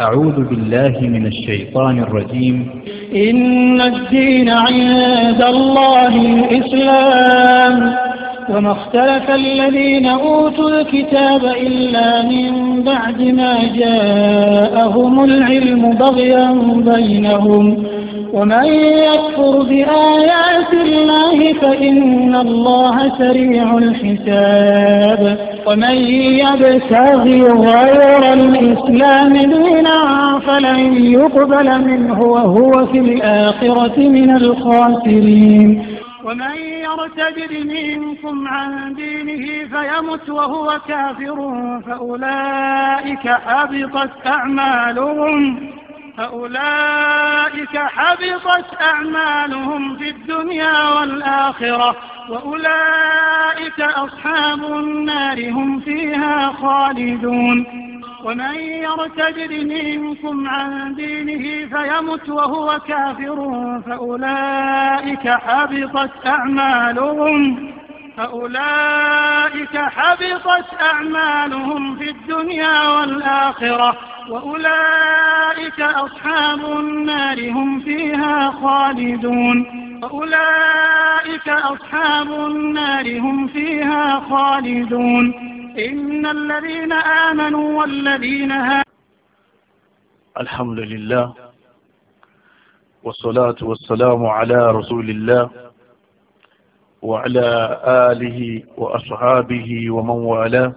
أعوذ بالله من الشيطان الرجيم إن الدين عند الله الإسلام وما اختلف الذين أوتوا الكتاب إلا من بعد ما جاءهم العلم بغيا بينهم ومن يكفر بآيات الله فإن الله سريع الحساب ومن يبتغي غير الإسلام دينا فلن يقبل منه وهو في الآخرة من الخاسرين ومن يرتد منكم عن دينه فيمت وهو كافر فأولئك حبطت أعمالهم فأولئك حبطت أعمالهم في الدنيا والآخرة وأولئك أصحاب النار هم فيها خالدون ومن يرتد منكم عن دينه فيمت وهو كافر فأولئك حبطت أعمالهم فأولئك حبطت أعمالهم في الدنيا والآخرة وأولئك أصحاب النار هم فيها خالدون وأولئك أصحاب النار هم فيها خالدون إن الذين آمنوا والذين هاجروا الحمد لله والصلاة والسلام على رسول الله وعلى آله وأصحابه ومن والاه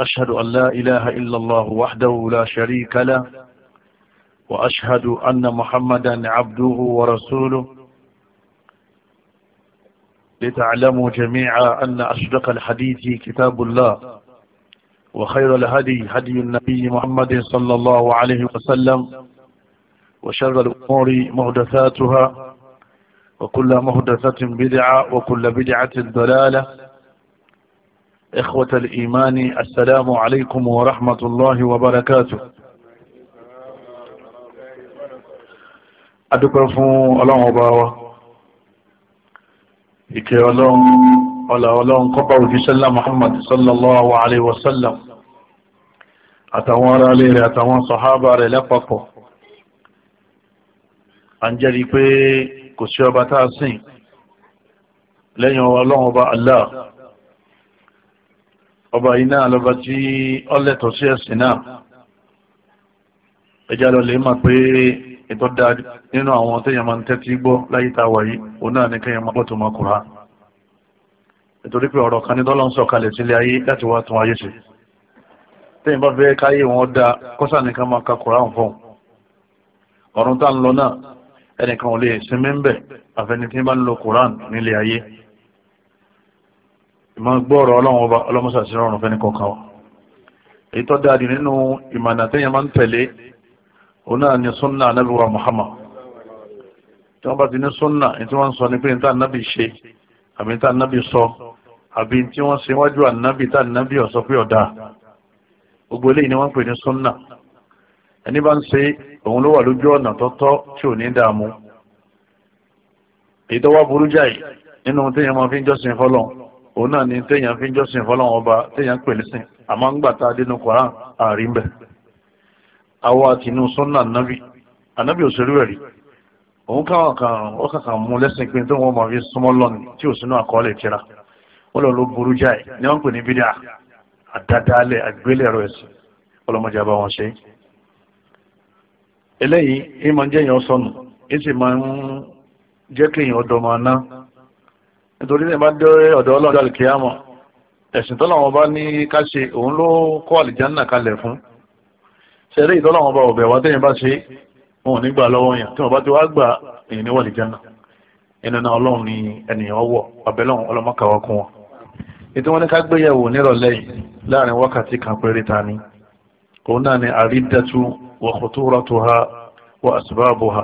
أشهد أن لا إله إلا الله وحده لا شريك له وأشهد أن محمدا عبده ورسوله لتعلموا جميعا أن أصدق الحديث كتاب الله وخير الهدي هدي النبي محمد صلى الله عليه وسلم وشر الأمور محدثاتها وكل محدثة بدعة وكل بدعة ضلالة إخوة الإيمان السلام عليكم ورحمة الله وبركاته adúpẹ́ fún ọlọ́run ọba wa ìkẹ́ ọlọ́run ọlá ọlọ́run kọ́pá òjíṣẹ́lá muhammad sallallahu alaihi wasallam àtàwọn ará ilé rẹ̀ àtàwọn sọ̀hábà rẹ̀ lápapọ̀ à ń jẹ́rìí pé kò sí ọba tá a sìn lẹ́yìn ọlọ́run ọba Allah ọba yìí náà lọ́ba tí ọlẹ́tọ̀ sí ẹ̀sìn náà ẹja lọ lè má pé ìtọ́ da nínú àwọn téèyàn máa ń tẹ́tí gbọ́ láyé tá a wà yìí òun náà ní kéèyàn máa gbọ́ tó máa kura nítorí pé ọ̀rọ̀ kan ní dọ́là ń sọ kalẹ̀ sílé ayé láti wá tún ayé ṣe téèyàn bá fẹ́ káyé wọn da kọ́sà nìkan máa ka kura ọ̀hún fún ọ̀run tá ń lọ náà ẹnìkan ò lè sinmi ń bẹ̀ àfẹni tí ń bá ń lo Quran nílé ayé ìmọ̀ gbọ́ọ̀rọ̀ ọlọ́run ọba ọlọ́mọṣà sí rọrùn fẹ́ni kọ̀ọ̀kan wa èyí tó dáadì nínú ìmọ̀nà téèyàn máa ń tẹ̀lé òun náà ni sunna anabi wa Muhammad tí wọ́n bá ti ní sunna ní tí wọ́n ń sọ ní pé níta anabi ṣe àbí níta anabi sọ àbí tí wọ́n ṣe wájú anabi tá anabi ó pé ó gbogbo eléyìí ni wọ́n pè ní sunna ẹni bá ń ṣe òun ló wà lójú ọ̀nà tọ́tọ́ tí ò ní dààmú èyí burú jáì nínú téèyàn máa fi ń jọ́sìn fọ́lọ́ òun náà ni téèyàn fi ń jọ́sìn fọ́lọ́ ọba téèyàn pè nísìn àmọ́ ń gbà tá a dénú Koran àárín bẹ̀ àwọ anabi anabi òṣèlú ẹ̀rí òun káwọn kan ó kàkà mú lẹ́sìn pé tó máa fi súnmọ́ lọ́nà tí ò sínú àkọọ́lẹ̀ lọ ló burú jáì pè ní bídà eléyìí ń máa ń jẹ́ èèyàn sọnù ń sì máa ń jẹ́ kí èèyàn ọdọ máa ná nítorí lè bá dé ọ̀dọ̀ ọlọ́dọ̀ àlìkíyàmọ̀ ẹ̀sìn tọ́lọ́wọ́n bá ní ká ṣe òun ló kọ́ àlìjánà kalẹ̀ fún ṣẹlẹ̀ ìtọ́lọ́wọ́n bá ọ̀bẹ̀ wá tẹ́yìn bá ṣe wọn ò ní gbà lọ́wọ́ yẹn tí bá ti wá gbà èyí ní náà ọlọ́run ni wọ̀ ọlọ́mọkàwá kún wọn ètò wọn òun náà ni àrídàtú wa khuturatuha wa asbabuha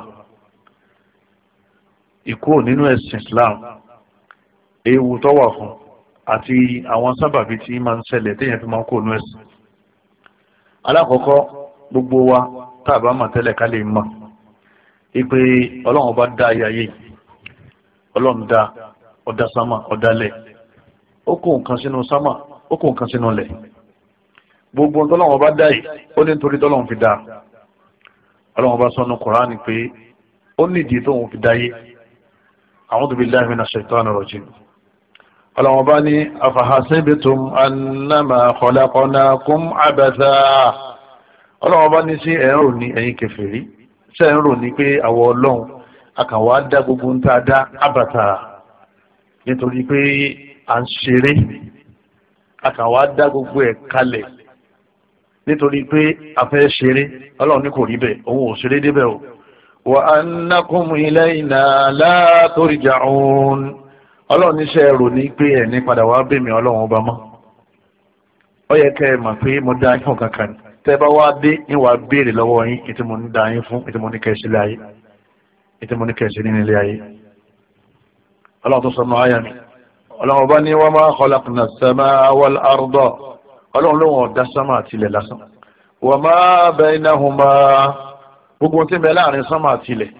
ìkú nínú ẹ̀sìn Islam ewu tó wà fún àti àwọn sábàbí tí máa ń ṣẹlẹ̀ téèyàn fi máa kó nínú ẹ̀sìn alákọ̀ọ́kọ́ gbogbo wa tá a bá mọ̀ tẹ́lẹ̀ ká lè mọ̀ ipe ọlọ́run bá dá ayé ayé ọlọ́run dá ọ̀dá sámà ọ̀dálẹ̀ ó kó nǹkan sínú sámà ó kó nǹkan sínú lẹ̀ gbogbo tọ́lọ́wọ́n bá dá yìí ó ní nítorí tọ́lọ́wọ́n fi dá ọlọ́wọ́n bá sọnù kùránì pé ó nídìí tóun fi dáyé a'udhu billahi minash shaitanir rajim ọlọ́wọ́n bá ní afahasibitum annama khalaqnakum abatha ọlọ́wọ́n bá ní sí ẹ̀rọ ní ẹ̀yin kẹfìrí ṣé ẹ̀rọ ní pé àwọ̀ ọlọ́run akàwọ́ á gbogbo ń tá a dá abatha nítorí pé à ń ṣeré akàwọ́ á gbogbo ẹ̀ kalẹ̀ nítorí pé a fẹ́ ṣeré ọlọ́run ní kò rí bẹ́ẹ̀ òun ò ṣeré débẹ̀ o. wa annakum ilayna la turja'un ọlọ́run níṣẹ́ ẹ̀rọ ní pé ẹ̀ní padà wá bèmí ọlọ́run ọba mọ́. ó yẹ kẹ́ ẹ mọ̀ pé mo dá yín fún kankan ni tẹ́ bá wá dé ń wá béèrè lọ́wọ́ yín ètò mo ń dá yín fún ètò mo ní kẹ́ẹ̀ṣẹ́ lé ayé ètò mo ní kẹ́ẹ̀ṣẹ́ nínú ilé ayé. ọlọ́run tó sọ ọlọ́run ọba ní wa ma khalaqna as-samaa wal ọlọ́run lóhùn ọ̀dá sánmà àtìlẹ̀ lásán wà má bainahuma gbogbo tí ń bẹ láàrin sánmà àtìlẹ̀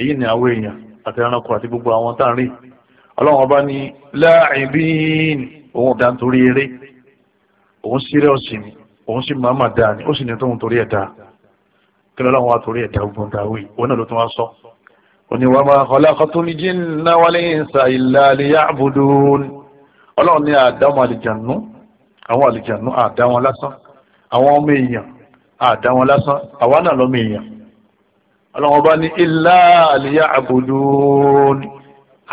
èyí ni àwọn èèyàn àti ẹranko àti gbogbo àwọn tá à ń rí ọlọ́run ọba ní la'ibin òun ọ̀dà ń torí eré òun sírẹ́ ọ̀sìn ni òun sì máa mà dáa ni ó sì ní tóun torí ẹ̀ kí lọ́la wọn torí ẹ̀dá ogun dàwé òun náà ló tún wá sọ. òní wa ma khalaqatul jinna wal insa illa liya'budun ọlọ́run ní àdámọ̀ àlìjànú àwọn àlìjànú àdá wọn lásán àwọn ọmọ èèyàn àdá wọn lásán àwa náà lọ́mọ èèyàn ọlọ́wọ́n bá ní ilá àlìyá àbòdò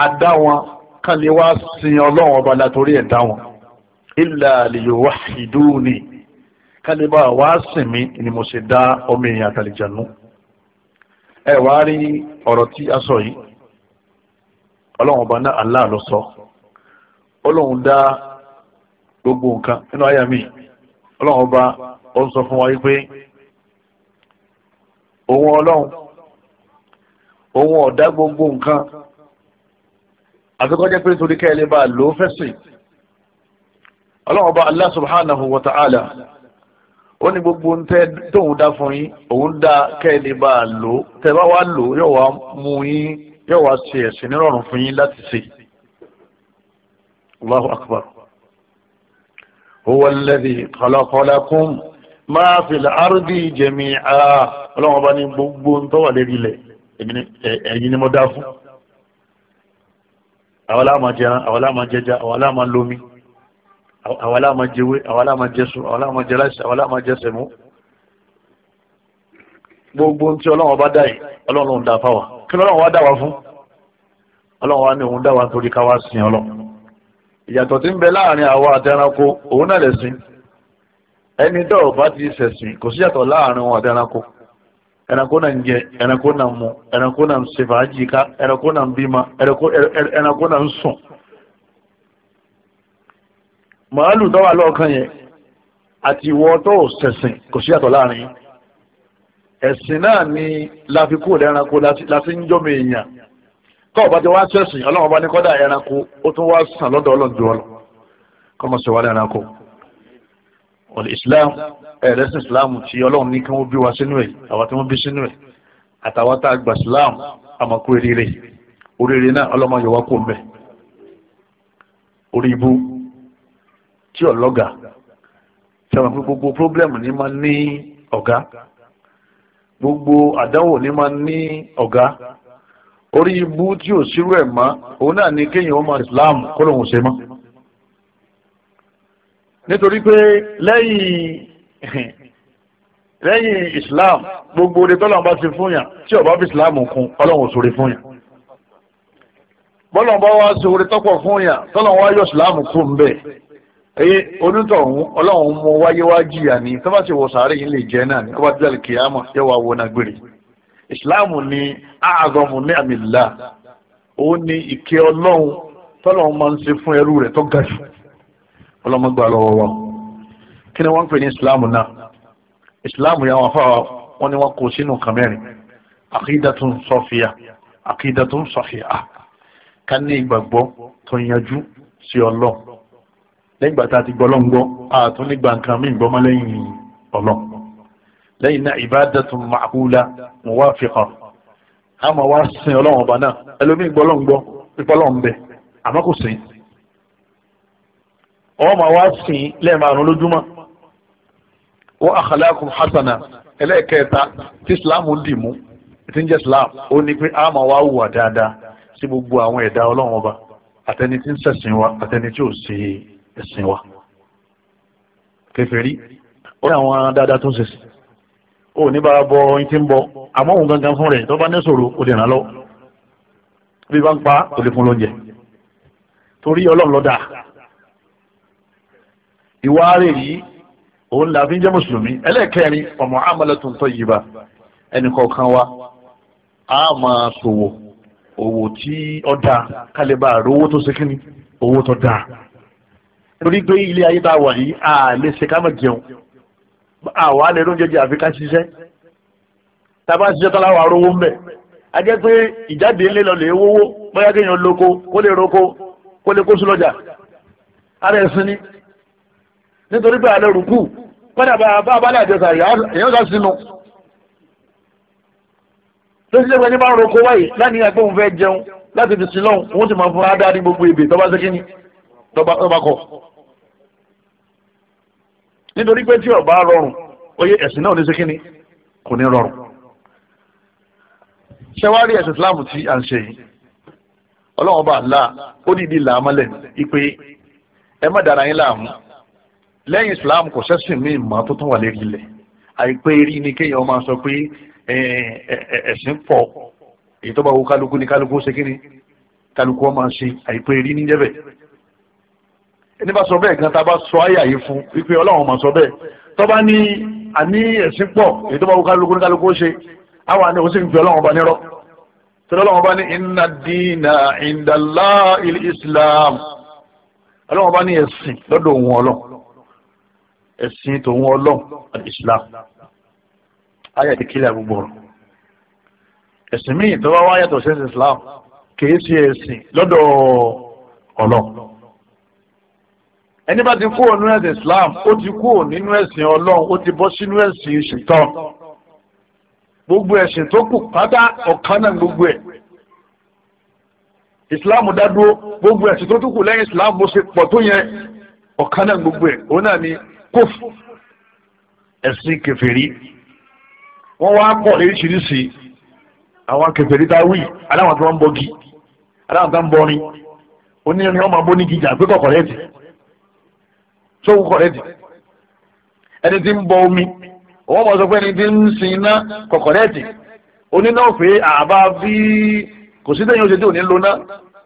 àdá wọn kàn lè wá sin ọlọ́wọ́n ọba látòrí ẹ̀dá wọn ilá àlìyá wàhídù ni kàn lè bá wá sìn mí ni mo ṣe dá ọmọ èèyàn àtàlìjànú ẹ wá rí ọ̀rọ̀ tí a sọ yìí ọlọ́wọ́n ọba náà aláàlọ́sọ ọlọ́wọ́n dá gbogbo nǹkan nínú àyà mi ọlọ́run ọba ó ń sọ fún wa pé òun ọlọ́run òun ọ̀dá gbogbo nǹkan àfikọ́jẹ́ pé torí kẹ́lẹ́ bá lò ó fẹ́sìn ọlọ́run ọba Allah subhanahu wa ta'ala ó ní gbogbo ń tẹ́ tóun dá fún yín òun dá kẹ́lẹ́ bá lò tẹ́ bá wá lò yóò wá mú yín yóò wá ṣe ẹ̀sìn nírọ̀rùn fún yín láti ṣe. Allahu akbar. هو الذي خلق لكم ما في الأرض جميعا ọlọ́run ọba ní gbogbo ń tọ́wà lérí ilẹ̀ ẹ̀yin ni mo dá fún àwọn aláàmà jẹran àwọn aláàmà jẹja àwọn aláàmà lomi àwọn aláàmà jẹwé àwọn aláàmà jẹsùn àwọn aláàmà jẹláṣẹ àwọn aláàmà jẹsẹmú gbogbo ń tí ọlọ́run ọba dá yìí ọlọ́run ló ń dá fáwa kí lọ́run wá dá wa fún ọlọ́run wá ní òun dá wa nítorí ká wá sìn ọlọ́run ìyàtọ̀ tí ń bẹ láàrin àwa àtẹranko òun náà lè sìn ẹni tó ò bá ti ṣẹ̀sìn kò sí ìyàtọ̀ láàrin wọn àtẹranko ẹranko náà ń jẹ ẹranko náà ń mu ẹranko náà ń ṣe fàájì ká ẹranko náà ń bímọ ẹranko náà ń sùn màálù tó lọ́ọ̀kan yẹn àti ìwọ tó ṣẹ̀sìn kò sí ìyàtọ̀ láàrin ẹ̀sìn náà ni láfikún ẹranko láti ń jọ́mọ èèyàn tọ́ ọba ti wá sẹ́sìn ọlọ́run bá ní kọ́dà ẹranko ó tún wá sàn lọ́dọ̀ ọlọ́run ju ọlọ́ kọ́mọ sọ wá lẹ́ranko ọ̀lẹ́ islam ẹ̀rẹ́sìn islam tí ọlọ́run ní kí wọ́n bí wa sínú ẹ̀ àwa tí wọ́n bí sínú ẹ̀ àtàwọn tá a gbà islam àmọ́kú eréré oríire náà ọlọ́mọ yóò wá kó mbẹ́ orí ibú tí ọlọ́gà tí a máa fi gbogbo pírọ́blẹ́mù ní máa ní ọ̀gá gbogbo àdánwò ní máa ní ọ̀gá orí ibú tí ò sírú ẹ̀ mọ́ òun náà ni kéèyàn ọmọ islam kó lóun ṣe mọ́. nítorí pé lẹ́yìn lẹ́yìn islam gbogbo oore tọ́lọ́run bá ti fún yàn tí ó fi islam kún ọlọ́run ò sóore fún yàn. bọ́lọ̀ bá wá sóore tọ́pọ̀ fún yàn tọ́lọ́run wá yọ islam kún ń bẹ̀. eye onítọ̀hún ọlọ́run mú wáyé wá jìyà ní tọ́ba ti wọ sàárè yìí lè jẹ́ náà ní ọba tí wọ́n lè kíyàmọ̀ yẹ wá wọ ìsìláàmù ni àgọ́mù ní àmìlá òun ni ìkẹ́ ọlọ́run tọ́lọ́run máa ń ṣe fún ẹrú rẹ̀ tó ga jù ọlọ́mọgbà lọ́wọ́ wa kí ni wọ́n ń pè ní ìsìláàmù náà ìsìláàmù yà wọ́n fáwọn wọn ni wọ́n kó sínú nǹkan mẹ́rin àkídàtún sọ́fìyà àkídàtún sọ́fìyà ká ní ìgbàgbọ́ tó yanjú sí ọlọ́run lẹ́yìn ìgbà tá a nǹkan mí gbọ́ mọ́ lẹ́yìn náà ibadatun ma'qula muwafiqa a máa wá sin ọlọ́run ọba náà ẹlòmíì gbọ́ lọ́n gbọ́ pípọ́ lọ́n bẹ àmọ́ kò sìn ọ máa wá sìn lẹ́ẹ̀márùn lójúmọ́ wa akhlaqun hasana ẹlẹ́ẹ̀kẹta tí ìsìláàmù dì mú tí ń jẹ́ ìsìláàmù ó ní pé a máa wá hùwà dáadáa sí gbogbo àwọn ẹ̀dá ọlọ́run ọba àtẹni tí ń ṣẹ̀sìn wa àtẹni tí ò sí ẹ̀sìn wa kèfèrí ó ní àwọn dáadáa tó ń ṣẹ̀sìn O ní bá bọ oyin tí ń bọ àmọ́ òun gangan fún rẹ̀ tó bá ní sòrò ó lè ràn lọ bí bá ń pa ó lè fún lóúnjẹ torí ọlọ́run ló dá ìwà rẹ̀ yìí òun là jẹ́ mùsùlùmí ẹlẹ́ẹ̀kẹrin ọmọ amalatun tayyiba ẹnì kọ̀ọ̀kan wa a máa ṣòwò òwò tí ó da kálíbà rówó tó ṣe kíni owó tó da torí pé ilé ayé tá a wà yìí a lè ṣe ká má jẹun àwa lè ló ń jẹjẹ àfi ká ṣiṣẹ́ tàbá ṣiṣẹ́ tọ́lá wà rówó ń bẹ̀ a jẹ́ pé ìjáde ńlẹ̀ lọ lè wówó bóyá kéèyàn lóko kó lè roko kó lè kó sùn ara ẹ̀sìn ni nítorí pé alẹ́ rùkú padà bá bá abálẹ̀ àjẹsà èèyàn sá sínú tó ṣe pé ní roko wáyé láti ẹgbẹ́ òun fẹ́ jẹun láti fi sin lọ́hùn òun sì máa fún adarí gbogbo ìbè tọ́ba ṣe kíni tọ́ba kọ̀ nítorí pé tí ó bá rọrùn oyè ẹ̀sìn náà ní ṣe kíni kò ní rọrùn ṣẹwárí ẹ̀sìn islam tí a ń ṣe yìí ọlọ́run bá ńlá ó dìdí làámọ́lẹ̀ ipe ẹ má dára yín láàmú lẹ́yìn islam kò sẹ́sìn mí mọ́ tó tún wà lérí ilẹ̀ àìpé rí ni kéèyàn máa sọ pé ẹ̀sìn pọ̀ èyí tó bá wo kálukú ni kálukú ṣe kíni kálukú ọmọ ṣe àìpé rí níjẹ́ bẹ́ẹ̀ ẹni bá sọ bẹ́ẹ̀ gan tá a bá sọ àyà yìí fún wípé ọlọ́run mà sọ bẹ́ẹ̀ tó bá ní àní ẹ̀sìn pọ̀ èyí tó bá wù kálukú ní kálukú ó ṣe àwọn àni òsì ń fi ọlọ́run bá nírọ́ tẹ́lẹ̀ ọlọ́run bá ní inna dina indala islam ọlọ́run bá ní ẹ̀sìn lọ́dọ̀ òun ọlọ́run ẹ̀sìn tòun ọlọ́run islam ayé ìkílẹ̀ gbogbo ọ̀rọ̀ ẹ̀sìn míì tó bá wáyà tó ṣe islam kì í ṣe ẹ̀sìn lọ́dọ̀ ọlọ́run ẹni bá ti kú ònú ẹ̀sìn Islam ó ti kú nínú ẹ̀sìn Ọlọ́run ó ti bọ́ sínú ẹ̀sìn ṣètàn gbogbo ẹ̀sìn tó kù pátá ọ̀kan náà gbogbo ẹ̀ Islam dádúró gbogbo ẹ̀sìn tó tún kù lẹ́yìn Islam bó ṣe pọ̀ tó yẹn ọ̀kan náà gbogbo ẹ̀ òun náà ni kóf ẹ̀sìn kèfèrí wọ́n wá pọ̀ lóríṣiríṣi àwọn kèfèrí tá a wí aláwọn tó ń bọ́gi aláwọn tó ń bọ́rin onírin ọmọ abónígi jà pé kọ̀kọ̀rẹ́ ti tó ń kọ̀rẹ́tì ẹni tí ń bọ omi òun mọ̀ sọ pé ẹni tí ń sin iná kọ̀kọ̀rẹ́tì oníná òfé àbá bí kò sí tẹ̀yìn oṣèdè òní lóná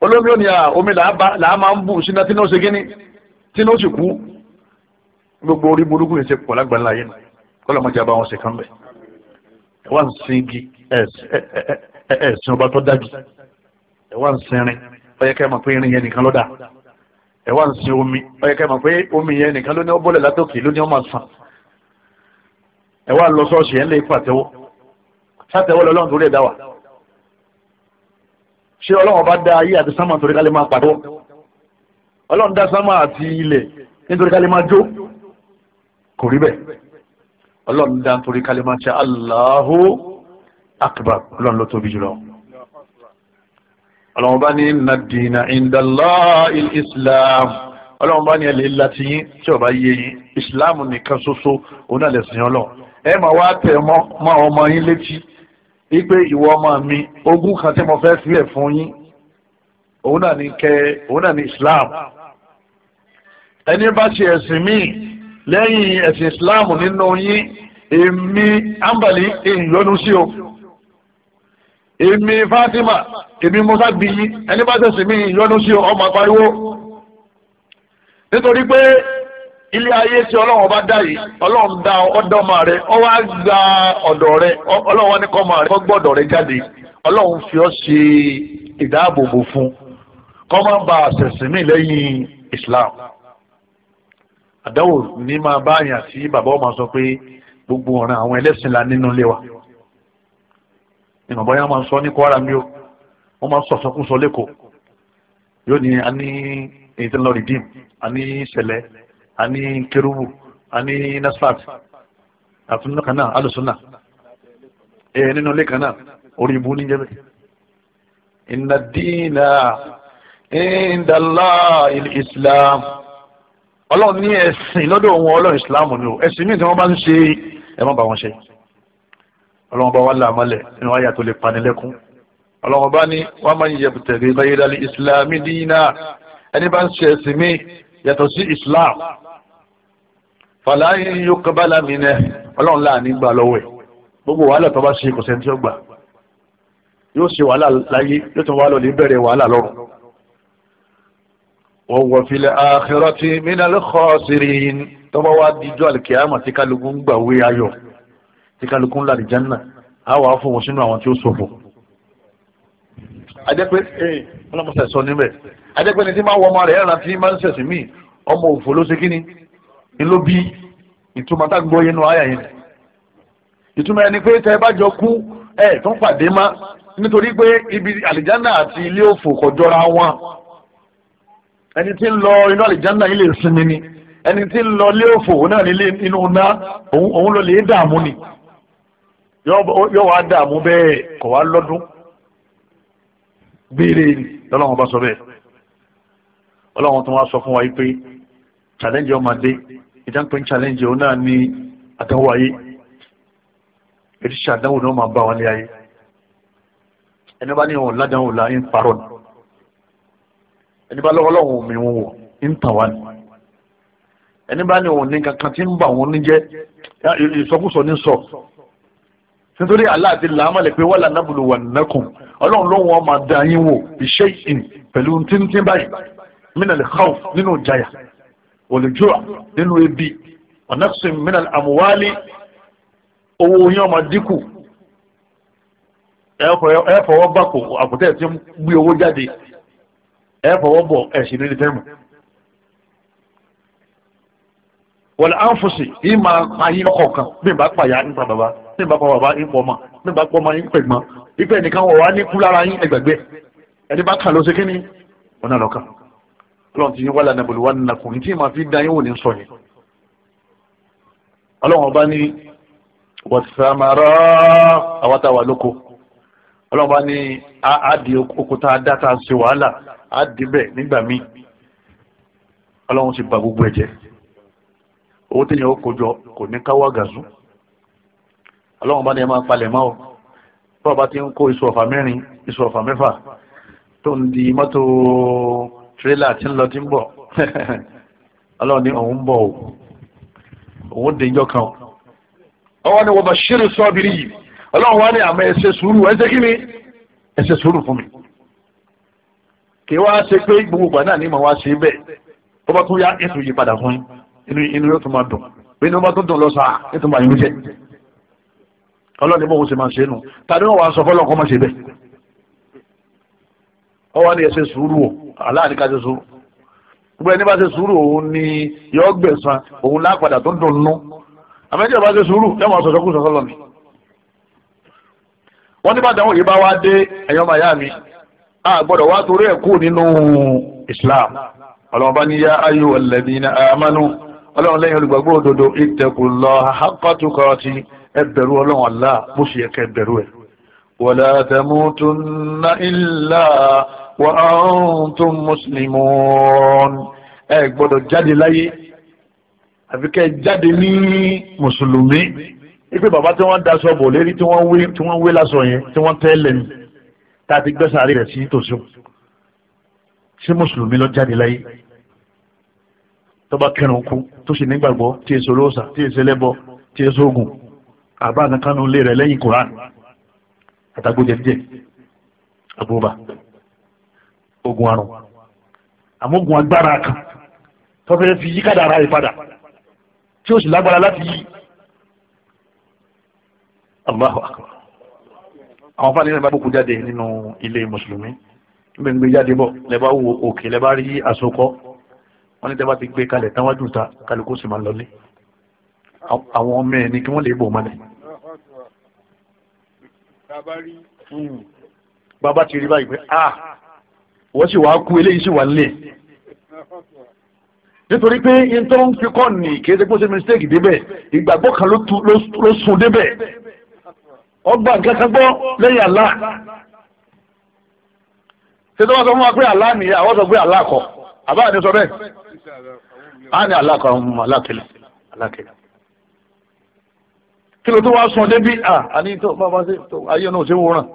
olómi ò ní à omi làá máa ń bù síná tí náà ṣe kíní tí náà sì kú gbogbo orí burúkú yìí ṣe pọ̀ lágbàlá yẹn kọ́lọ́mọdé àbá wọn ṣe kán bẹ̀ ẹ ń sin igi ẹ ẹ sin ọba tó dájú ẹ wá ń sin rin ó yẹ kẹ́ ẹ mọ̀ pé irin yẹn nìkan lọ́dà ẹ wá ń sin omi ó yẹ kẹ́ mọ̀ pé omi yẹn nìkan ló ní ó bọ́lẹ̀ látòkè ló ní ó máa sàn ẹ wá lọ sọ́ọ̀ṣì yẹn lè pàtẹ́wọ́ sátẹ́wọ́ lọ́lọ́run torí ẹ̀dá wa ṣé ọlọ́run bá dá ayé àti sánmà torí kálí máa pàtẹ́wọ́ ọlọ́run dá sánmà àti ilẹ̀ nítorí kálí máa jó kò rí bẹ́ẹ̀ ọlọ́run dá nítorí kálí máa ṣe Allahu akbar ọlọ́run ló tóbi jùlọ ọlọ́run bá ní nàdìnà ìdàlá islam ọlọ́run bá ní ẹlẹ́ láti yín tí ọba yé yín islam nìkan ṣoṣo òun náà lẹ̀sìn ọlọ́run ẹ mà wá tẹ̀ mọ́ mọ́ ọmọ yín létí wípé ìwọ ọmọ mi ogún kan tí mo fẹ́ sílẹ̀ fún yín òun náà ní kẹ òun náà ní islam ẹni bá ṣe ẹ̀sìn míì lẹ́yìn ẹ̀sìn islam nínú yín èmi àǹbàlí èyí lọ́nu sí o èmi Fatima èmi Musa bìyí ẹni bá tẹ̀sí mi ìyọnu sí ọmọ pariwo nítorí pé ilé ayé tí ọlọ́run bá dá yìí ọlọ́run dá ọ̀dọ̀ ọmọ rẹ ọ wá gba ọ̀dọ̀ rẹ ọlọ́run wá ní kọ́ ọmọ rẹ kọ́ gbọ́dọ̀ rẹ jáde ọlọ́run fi ọ́ ṣe ìdáàbòbò fún kọ́ máa ba àṣẹ̀sìn mi lẹ́yìn Islam àdáwò ní máa bá àyàn tí bàbá ọmọ sọ pé gbogbo ọ̀ràn àwọn ẹlẹ́sìn la nínú ilé wa ìmọ̀ bọ́yá máa ń sọ ní Kwara mi o wọ́n máa ń sọ sọkúsọ lẹ́kọ̀ọ́ yóò ní a ní èyí tó ń lọ rìdíìm a ní sẹlẹ̀ a ní kérúbù a ní nasfat àti nínú kan náà alùsùnà ẹ nínú ilé kan náà orí ibu ní jẹ́bẹ̀. inna dina indala islam ọlọ́run ní ẹ̀sìn lọ́dọ̀ òun ọlọ́run islam ni o ẹ̀sìn míì tí wọ́n bá ń ṣe ẹ má bá wọn ṣe ọlọ́wọ́n bá wà láàmọ́lẹ̀ nínú àyà tó lè panilẹ́kún ọlọ́wọ́n bá ní wọ́n máa ń yẹ bùtẹ̀rẹ̀ báyìí dálé ìsìlámì dínà ẹni bá ń ṣe ẹ̀sìn mi yàtọ̀ sí islam fàlàyé yóò kọ́bá lámìnà ọlọ́run láàánú gbà lọ́wọ́ ẹ̀ gbogbo wàhálà tó bá ṣe kò sẹ́ni tí ó gbà yóò ṣe wàhálà láyé yóò tún wàhálà lè bẹ̀rẹ̀ wàhálà lọ́run. wọ́n wọ filẹ̀ àkẹrọ́tì mí tí kálukú ńlá di jánà á wàá fún wọn sínú àwọn tí ó ṣòfò. adẹ́pẹ́ ee eh, ọlọ́mọṣẹ́ sọ níbẹ̀ adẹ́pẹ́ ni tí máa wọ ọmọ rẹ̀ ẹ̀ràn tí máa ń ṣẹ̀sìn míì ọmọ òfò ló ṣe kíni ni ló bí ìtumọ̀ tá gbọ́ yẹnu àyà yẹn ìtumọ̀ ẹni pé tẹ́ ẹ bá jọ kú ẹ tó ń pàdé má nítorí pé ibi àlìjánà àti ilé òfò kọjọra wọn ẹni tí ń lọ inú àlìjánà yìí lè sinmi ni ẹni tí ń lọ ilé òfò náà nílé inú ná òun ló lè dààmú ni yóò wá dààmú bẹ́ẹ̀ kò wá lọ́dún béèrè lọ́lọ́wọ́n bá sọ bẹ́ẹ̀ ọlọ́wọ́n tó wá sọ fún wa yìí pé challenge ọmọdé ìdánpẹ́ challenge òun náà ní àdánwò ayé èdè ṣe àdánwò náà máa bá wọn lé ayé ẹni bá ní òun ládánwò là ń parọ́ ni ẹni bá lọ́wọ́ lọ́wọ́ mi wọn wọ̀ ń tàn wá ni ẹni bá ní òun ní kankan tí ń bà wọn níjẹ́ ìsọkúsọ ní sọ nítorí Allah ti làámọ̀lẹ̀ pé wala nabluwannakum ọlọ́run ló wọn máa da yín wò bi shay'in pẹ̀lú tíntín báyìí minal khawf nínú jaya wal ju' nínú ebi wa naqsin minal amwali owó yín ọmọ dínkù ẹ fọwọ́ bá kò àkùtẹ́ gbé owó jáde ẹ fọwọ́ bọ̀ ẹ̀ sì ní wọ̀lẹ̀ ànfọ̀sì yìí máa pa yín kọ̀ọ̀kan bí n bá pa ya nípa bàbá bí n bá pa bàbá ipò ọmọ bí n bá pọ̀ ọmọ yín pẹ̀gbọ́n ipe nìkan wọ̀ wá ní kú lára yín ẹgbẹ̀gbẹ́ ẹni bá kà ló ṣe kí ni ọ̀nà lọ́kàn ọlọ́run ti yín wàlà nàbọ̀lù wà nínú akùnrin tí màá fi dá yín wò ní sọ yẹn ọlọ́run ọba ní wọ̀sàmàrà àwátàwà lóko ọlọ́run ọba ní àdì òkúta dáta ṣe wàhálà àdìbẹ̀ nígbà míì ọlọ́run ti ba gbogbo ẹ̀jẹ̀ owó tí yẹn ó kojọ kò ní káwá gàzú ọlọ́run bá ní ẹ máa palẹ̀ mọ́ ọ tó o bá ti ń kó iṣu ọ̀fà mẹ́rin iṣu ọ̀fà mẹ́fà tó ń di mọ́tò tírélà tí ń lọ tí ń bọ̀ ọlọ́run ní òun bọ̀ o òun dèjọ́ kan ọwọ́ ni wọ́n bá ṣeré sọ́ọ́bìrì yìí ọlọ́run wá ní àmọ́ ẹ̀ṣẹ̀ sùúrù ẹ̀ṣẹ̀ kí ni ẹ̀ṣẹ̀ sùúrù fún mi kí wá ṣe pé gbogbo ìgbà náà ní màá wá ṣe bẹ́ẹ̀ bó bá tún yá inú yóò tún máa dùn bí inú bá tún dùn lọ sáà yóò tún máa yín jẹ ọlọ́ni bóun ṣe máa ṣe nù tàbí wọn wàá sọ fọlọ́ kọ́ máa ṣe bẹ́ẹ̀ ọwọ́ ni ẹ ṣe sùúrù o aláàní ká ṣe sùúrù gbogbo ẹni bá ṣe sùúrù òun ni yọ gbẹ̀san òun lápadà tó dùn nù àmẹ́jọ́ bá ṣe sùúrù yóò máa sọ̀sọ́ kú sọ̀sọ́ ni wọ́n ní bá dáhùn yìí bá wá dé ẹ̀yọ́ màyá mi a gbọ́dọ̀ wá torí ẹ̀ kú nínú Islam ọlọ́mọba ní yá ayò alladina amanu ọlọ́run lẹ́yìn olùgbàgbọ́ òdodo ittaqullaha haqqa tuqati ẹbẹ̀rù ọlọ́run Allah bó ṣe yẹ kẹ́ ẹbẹ̀rù ẹ̀. wala tamutunna illa wa antum muslimun ẹ gbọ́dọ̀ jáde láyé àfi kẹ́ jáde ní mùsùlùmí ipe bàbá tí wọ́n daṣọ bò lérí tí wọ́n wé tí wọ́n wé lásọ yẹn tí wọ́n tẹ́ lẹ́nu tá a ti gbẹ́sàárì rẹ̀ sí tòṣù sí mùsùlùmí lọ jáde láyé tó bá kẹrùn kú tó sì nígbàgbọ́ tí èso lóòsà tí èso lẹ́bọ tí èso oògùn àbá kankanu lé rẹ̀ lẹ́yìn koran àtàgbójẹ díẹ̀ àbúrúbà oògùn àrùn àmógun agbára kan tó fẹ́ fi yíkàdà ara rẹ̀ padà tí ó sì lágbára láti yí Allahu àwọn fáwọn ènìyàn bá jáde nínú ilé mùsùlùmí ń ń gbé jáde bọ̀ lẹ́bàá wo òkè lẹ́bàá rí àsokọ́ wọ́n ní tẹ́wá ti gbé kalẹ̀ tán wájú ta kálukú sì máa ń lọlé àwọn ọmọ ẹ̀ ní kí wọ́n lè bò mọ́lẹ̀. bàbá ti rí báyìí pé a wọ́n sì wàá kú eléyìí sì wà nílé nítorí pé ìtọ́ ń fi kọ́ ní kí ẹsẹ̀ pọ́sẹ̀ mistake débẹ̀ ìgbàgbọ́ kan ló sun débẹ̀ ọgbà nǹkan kan gbọ́ lẹ́yìn àlá ṣé tó wọ́n sọ fún wa pé àlá nìyẹn àwọn sọ pé àlá kọ́ àbáà ní sọ bẹ́ẹ̀ á ní aláàkọ àwọn ọmọ aláàkẹlẹ aláàkẹlẹ kí ló tó wá sùn débi à àní tó bàbá sí tó ayé náà ṣe wòran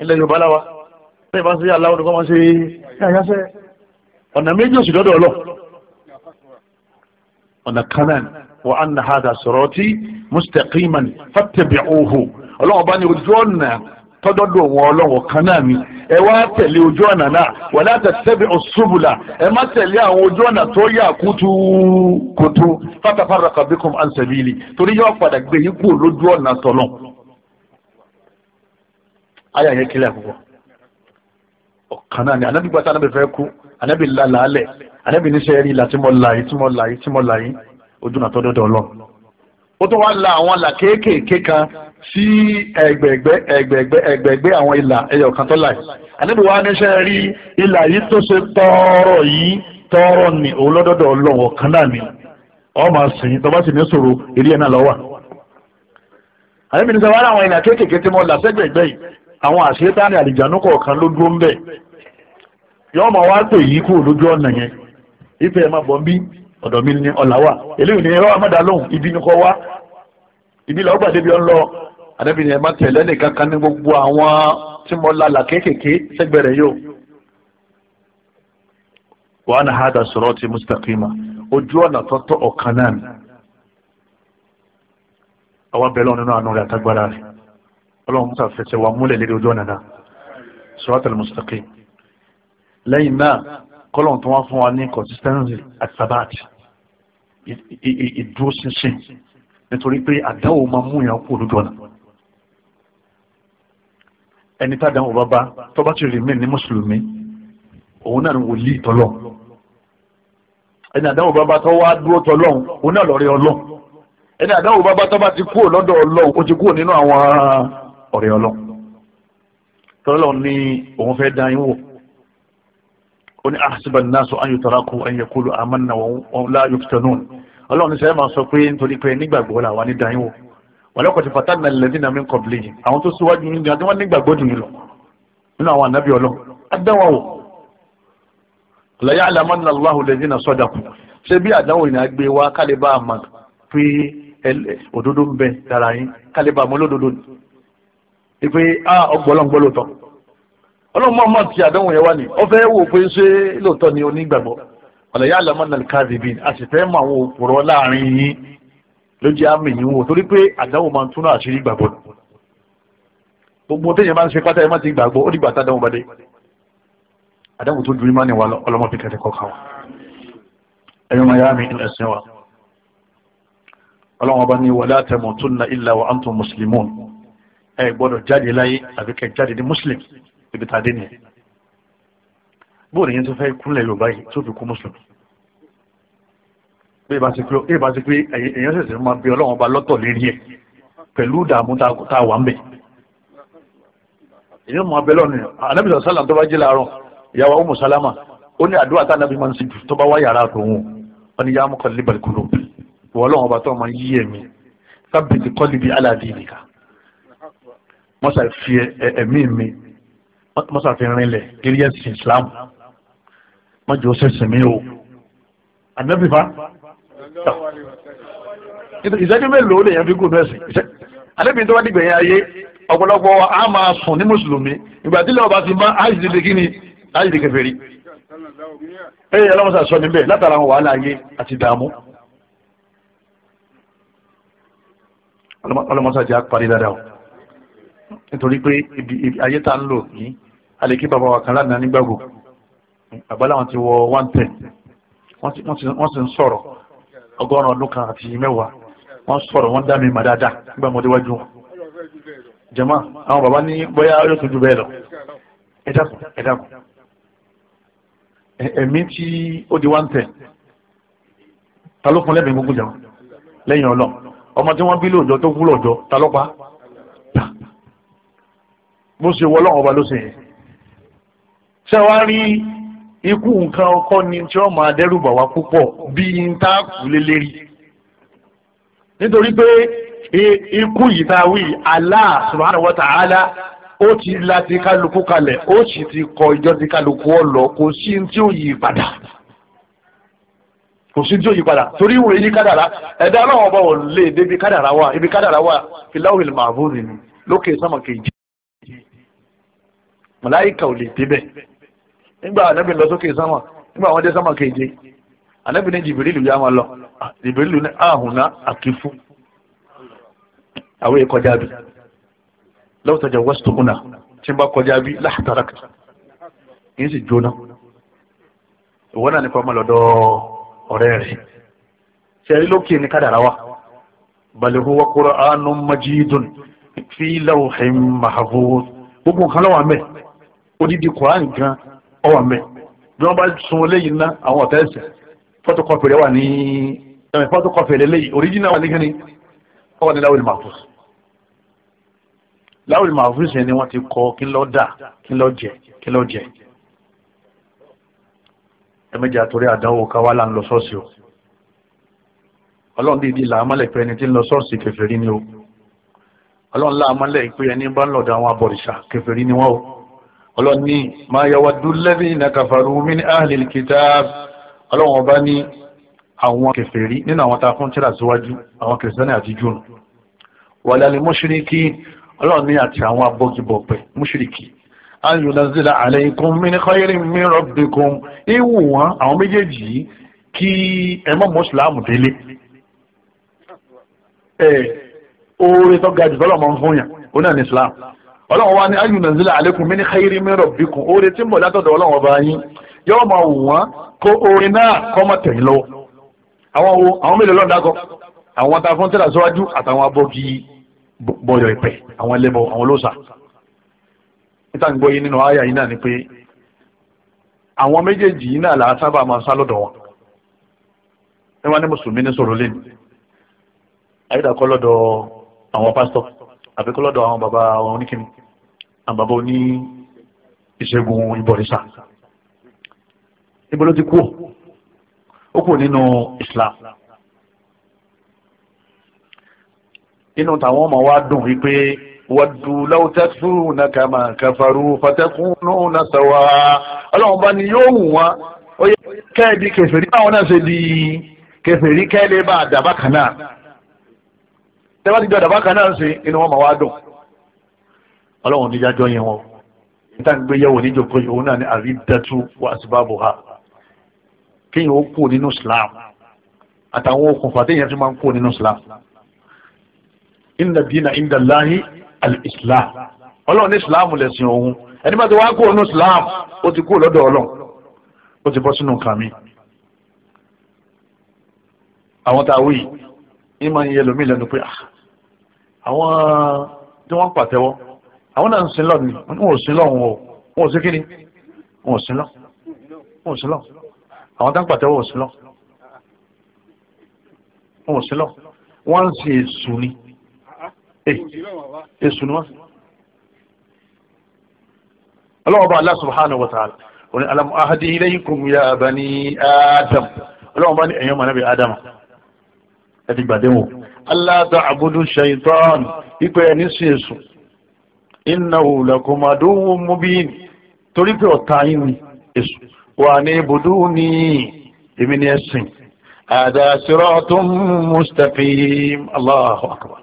ilẹ̀ Yorùbá láwa bẹ́ẹ̀ bá sí aláwọ̀ nìkan máa ṣe àyàṣẹ́ ọ̀nà méjì òsì lọ́dọ̀ ọlọ́ ọ̀nà kanáà wa anna hadha sirati mustaqiman fattabi'uhu ọlọ́wọ́n bá ní ojú ọ̀nà tọ́jọ́dọ̀ wọn ọlọ́wọ̀ kan náà ni ẹ wá tẹ̀lé ojú ọ̀nà náà wà láti tẹ̀lé ọ̀ṣùbùlà ẹ má tẹ̀lé àwọn ojú ọ̀nà tó yà kútu kòtó fatafarra kabikum ansabili torí yóò padà gbé yín kúrò lójú ọ̀nà tọ̀lọ̀. ayé àyè kílẹ̀ àkùkọ ọ̀kan náà ni anabi gbàtà anabi fẹ́ kú anabi lálàálẹ̀ anabi níṣẹ́ rí ìlà tí mo là yìí tí mo là yìí tí mo là yìí ojú ọ̀nà tọ́jọ́dọ̀ ọlọ́run ó tún wá la àwọn ìlà kéékèèké kan sí ẹgbẹ̀gbẹ́ ẹgbẹ̀gbẹ́ ẹgbẹ̀gbẹ́ àwọn ìlà ẹyọ kan tó là yìí ànábì wa níṣẹ́ rí ìlà yìí tó ṣe tọrọ yìí tọrọ ni òun lọ́dọ̀dọ̀ ọlọ́wọ̀ kan náà ni ọmọ sìn tó bá sì ní sòrò eré ẹ̀ náà lọ́wọ́ ànábì ní sẹ́wọ́n àwọn ìlà kéékèèké tí mo là sẹ́gbẹ̀gbẹ́ yìí àwọn àṣetáni àlìjànú kọ̀ọ̀kan ló dúró ń bẹ̀ yọ́ọ̀mọ̀ wá pè yí kúrò lójú ọ̀nà yẹn ìfẹ́ ẹ̀ máa bọ̀ ń ọ̀dọ̀ mi ni ọ̀là wà eléyìí ni ẹ̀rọ amọ̀dà lóhùn ibi ni kò wá ibi làwọn gbàdé bí ọ ń lọ àdẹ́bí ni ẹ má tẹ̀lé nìkan kan ní gbogbo àwọn tí mo lálà kéékèèké sẹ́gbẹ̀rẹ̀ yóò. wàá nà hádà sirati mustaqima ojú ọ̀nà tọ́tọ́ ọ̀kan náà ni àwọn abẹ́lẹ́ ọ̀nà náà nùrẹ̀ àtàgbára rẹ̀ ọlọ́run musa fẹsẹ̀ wà múlẹ̀ lérí kọ́lọ́n tó wá fún wa ní consistency at sabat ìdúróṣinṣin nítorí pé àdáwò máa mú yàn kú olójú ọ̀nà ẹni tá àdáwò bá bá tó bá ti remain ní mùsùlùmí òun náà ni wòlíì tọ́lọ̀ ẹni àdáwò bá bá tó wá dúró tọ́lọ̀ òun náà lọ́ọ́ rí ọlọ́ọ̀ ẹni àdáwò bàbá tó bá ti kúrò lọ́dọ̀ ọlọ́run ó ti kúrò nínú àwọn ọ̀rẹ́ ọlọ́run tọ́lọ́ ní òun fẹ́ dán yín wò ó ní ahasiba nasu an yutaraku an yakulu amanna wa la yuftanun ọlọ́run sẹ́yìn máa sọ pé nítorí pé nígbàgbọ́ làwọn ní dáhìn wò wàlọ́kọ̀ ti fata nà lẹ́dí nà mí kọ̀bìlì yìí àwọn tó síwájú ní ìgbà tí wọ́n nígbàgbọ́ dùn lọ nínú àwọn ànábì ọlọ́ adáwọ̀ wò lẹ́yìn alamanna allahu lẹ́dí nà sọ́dà kù ṣé ọlọ́mọ ọmọ ti àdánwò yẹn wá ni ọ fẹ́ wò pé ṣé lóòótọ́ ni onígbàgbọ́ ọ̀lẹ́ yà lọ́mọ náà káàdìbì a sì fẹ́ mọ àwọn òpùrọ̀ láàrin yín lójú àmì yín wò torí pé àdánwò máa ń túnú àṣírí gbàgbọ́ gbogbo téèyàn bá ń ṣe pátá ẹ má ti gbàgbọ́ ó dìgbà tádánwò bá dé àdánwò tó ju imá ni wà ọlọ́mọ fi kẹ́tẹ́ kọ́ káwọn ẹ̀yọ́ máa yá mi ẹ̀sìn wa ọlọ́wọ́n bá ní ibi tá a dé nìyẹn bóòlù yẹn tó fẹ́ kúnlẹ̀ yorùbá yìí tó fi kú mùsùlùmí bí ìbá ti pé ìbá ti pé èèyàn ṣẹ̀ṣẹ̀ máa bí ọlọ́run ọba lọ́tọ̀ lérí ẹ̀ pẹ̀lú ìdààmú tá a wà ń bẹ̀ èèyàn máa bẹ lọ́nà anábì sọ̀rọ̀ sálàm tó bá jẹ́ láàárọ̀ ìyàwó ọmọ sálámà ó ní àdúrà tá anábì máa ń sìn tó bá wá yàrá tòun wọn ni yàrá mọ́kànlẹ́ balùkùlù ìwọ ọlọ́run ọba tó máa yí ẹ̀mí sábìtì kọ́líbi aládìí nìkan mọ́sà fi ẹ̀mí mi mọ́sàfihàn ilẹ̀ kiri ẹ̀sìn islam mọ́jọ́ sẹ́sìn mi o ànábìfà ìṣẹ́jú mélòó lèèyàn fi gùn ẹ̀sìn ànábì tó bá dìgbẹ̀yìn ayé ọ̀pọ̀lọpọ̀ a máa sùn ní mùsùlùmí ìgbà tí lọ́wọ́ bá ti má áìsì lè kí ni áìsì lè kèfèrí ẹ̀yẹ ọlọ́mọsà sọ níbẹ̀ látara àwọn wàhálà ayé àti dààmú ọlọ́mọsà jẹ́ àparí dáadáa o nítorí pé ibi ayé tá ń lò yìí àlèkí bàbá wa kan lánàá nígbàgbọ́ àgbàlá wọn ti wọ one ten wọ́n sì ń sọ̀rọ̀ ọgọ́rùn-ún ọdún kan àti mẹ́wàá wọ́n sọ̀rọ̀ wọ́n dá mi mà dáadáa nígbà mọ́tò wájú wọn jama àwọn bàbá ní bóyá yóò tún ju bẹ́ẹ̀ lọ ẹ dákun ẹ dákun ẹ̀mí tí ó di one ten ta ló gbogbo jama lẹ́yìn ọlọ́ ọmọ tí wọ́n bí lóòjọ́ tó kú lóòjọ́ ta ló bó ṣe wọ́ ọba ló ṣe yẹn ṣé wàá rí ikú nǹkan ọkọ ni tí wọ́n máa dẹ́rù bà wá púpọ̀ bíi ń tá kú lélẹ́rì nítorí pé ikú yìí tá a wí Allah subhanahu wa ta'ala ó ti la ti kálukú kalẹ̀ ó sì ti kọ ìjọ ti kálukú ọ̀lọ́ kò sí tí ó yí padà kò sí tí ó yí padà torí ìwé ní kádàrá ẹ̀dá ọlọ́run ọba ò lè débi kádàrá wa ibi kádàrá wa filawil mahfuz ni lókè sọmọ kejì màláìka ò lè débẹ̀ nígbà ànábì lọ sókè sánmà nígbà àwọn dé sánmà keje ànábì ní jìbìrìlù yá máa lọ jìbìrìlù ní àhùnà ah, àkífù àwọn èkọjá bi lọ́wọ́tàjà west una tí n bá kọjá bi láhàtàràkà yìí sì jóná ìwọ náà nípa ọmọlọ́dọ̀ ọ̀rẹ́ rẹ̀ sẹ́rí lókè ní kádàrá wa bal huwa qur'anun majidun fi lawhin mahfuz gbogbo nǹkan lọ́wọ́ àmẹ́ odidi Qur'an gan ọwọ́ mẹ́ bí wọ́n bá sun eléyìí ná àwọn ọ̀tá ẹ̀sẹ̀ photocopy rẹ̀ wà ní ẹ̀mẹ̀ photocopy rẹ̀ léyìí original wà ní kíni ọwọ́ ní láwùlì mahfuz láwùlì mahfuz yẹn ni wọ́n ti kọ́ kí ló dà kí ló jẹ kí ló jẹ ẹ̀mẹ́jà torí àdánwò káwá là ń lọ sọ́ọ̀sì o ọlọ́run dídí làámọ́lẹ̀ pé ẹni tí ń lọ sọ́ọ̀sì kèfèrí ni o ọlọ́run làámọ́lẹ̀ pé ẹni bá ń lọ̀dọ̀ àwọn abọ̀rìṣà kèfèrí ni wọ́n o ọlọ́ni máa yàwá dúlẹ́bí ìnàkàfàrú mi ní ahlil kitab ọlọ́run ọba ní àwọn kèfèrí nínú àwọn tá a fún tíra síwájú àwọn kìrìsìtẹ́nì àti júùnù wàlálẹ̀ mọ́ṣíríkì ọlọ́run ní àti àwọn abọ́gibọ̀pẹ̀ mọ́ṣíríkì ayọ̀nàzílà àlẹ́kùn mi ní khairin min rabbikum ìwù wọn àwọn méjèèjì yìí kí ẹ mọ́ mọ́ṣíláàmù délé ẹ̀ oore tó ga jù tọ́lọ̀ mọ́ fún yàn ó náà ní islam ọlọ́run wa ní ayyu nazila alaykum min khayrin min rabbikum oore tí ń bọ̀ látọ̀dọ̀ ọlọ́run ọba yín yóò máa wù wọ́n kó oore náà kọ́ máa tẹ̀yìn lọ́wọ́ àwọn wo àwọn mélòó lọ́dún dákọ́ àwọn tá a fún tẹ́lẹ̀ síwájú àtàwọn abọ́gi bọ̀yọ̀ ìpẹ́ àwọn ẹlẹ́bọ àwọn olóòṣà níta ń gbọ́ yín nínú àyà yín náà ni pé àwọn méjèèjì yín náà là á sábà máa sá lọ́dọ̀ wọn ẹ wá ní mùsùlùmí ní sọ̀rọ̀ lẹ́nu àyídàkọ́ àwọn pásítọ̀ àbíkọ́ lọ́dọ̀ àwọn bàbá àwọn oníkìmí àbàbà oní ìṣègùn ìbọ̀rìṣà ìbọ̀lọ́ ti kú ó kù nínú Islam inú tàwọn ọmọ wa dùn wípé wàdù láwùtẹ́kùn náà kàmá kàfàrú fàtẹ́kùn náà sàwà ọlọ́run bá ní yóò wù wọ́n ó yẹ kẹ́ẹ̀dì kẹfẹ́rí báwọn náà ṣe di kẹfẹ́rí kẹ́ẹ̀lẹ́ bá àdàbà kan náà tẹ́wọ́n ti di àdàbà kan náà ṣe inú wọn máa dùn ọlọ́run ní yájọ́ yẹn wọn níta ń gbé yẹ̀wò níjòkó yìí òun náà ní àrídàtú wa àsìbáàbò ha kéèyàn ó kú nínú Islam àtàwọn okùnfà téèyàn fi máa ń kú nínú Islam inna dina inda lahi al-islam ọlọ́run ní islam lẹ̀sìn òun ẹni bá ti wá kó onú islam ó ti kú lọ́dọ̀ ọlọ́run ó ti bọ́ sínú nǹkan mi. àwọn tá a wí yìí máa ń yẹ lómi lẹ́nu pé ah, àwọn tí wọ́n pàtẹ́wọ́ àwọn náà ń sin lọ́ọ̀ ni wọn ò sin lọ́ọ̀ wọn o wọn ò sí kíni wọn ò sin lọ́ọ̀ wọn ò sin lọ́ọ̀ àwọn tá ń pàtẹ́wọ́ wọn ò sin lọ́ọ̀ wọn ò sin lọ́ọ̀ wọ́n ń sin èṣù ni eh, èṣù ni wọ́n sin. bá Allah subhanahu wa ta'ala òní alam ahadi ilaykum ya bani adam ọlọ́wọ́ bá ní ẹ̀yọ́ mọ̀ nábì adam ẹ ti gbàdéwò Allah ta'budu shaytan ìpè ẹni sin èṣù innahu lakum aduwwun mubin torí pé ọ̀tá yín ni èṣù wà ní ibùdó ní èmi ni ẹ̀sìn ada siratun mustaqim Allahu akbar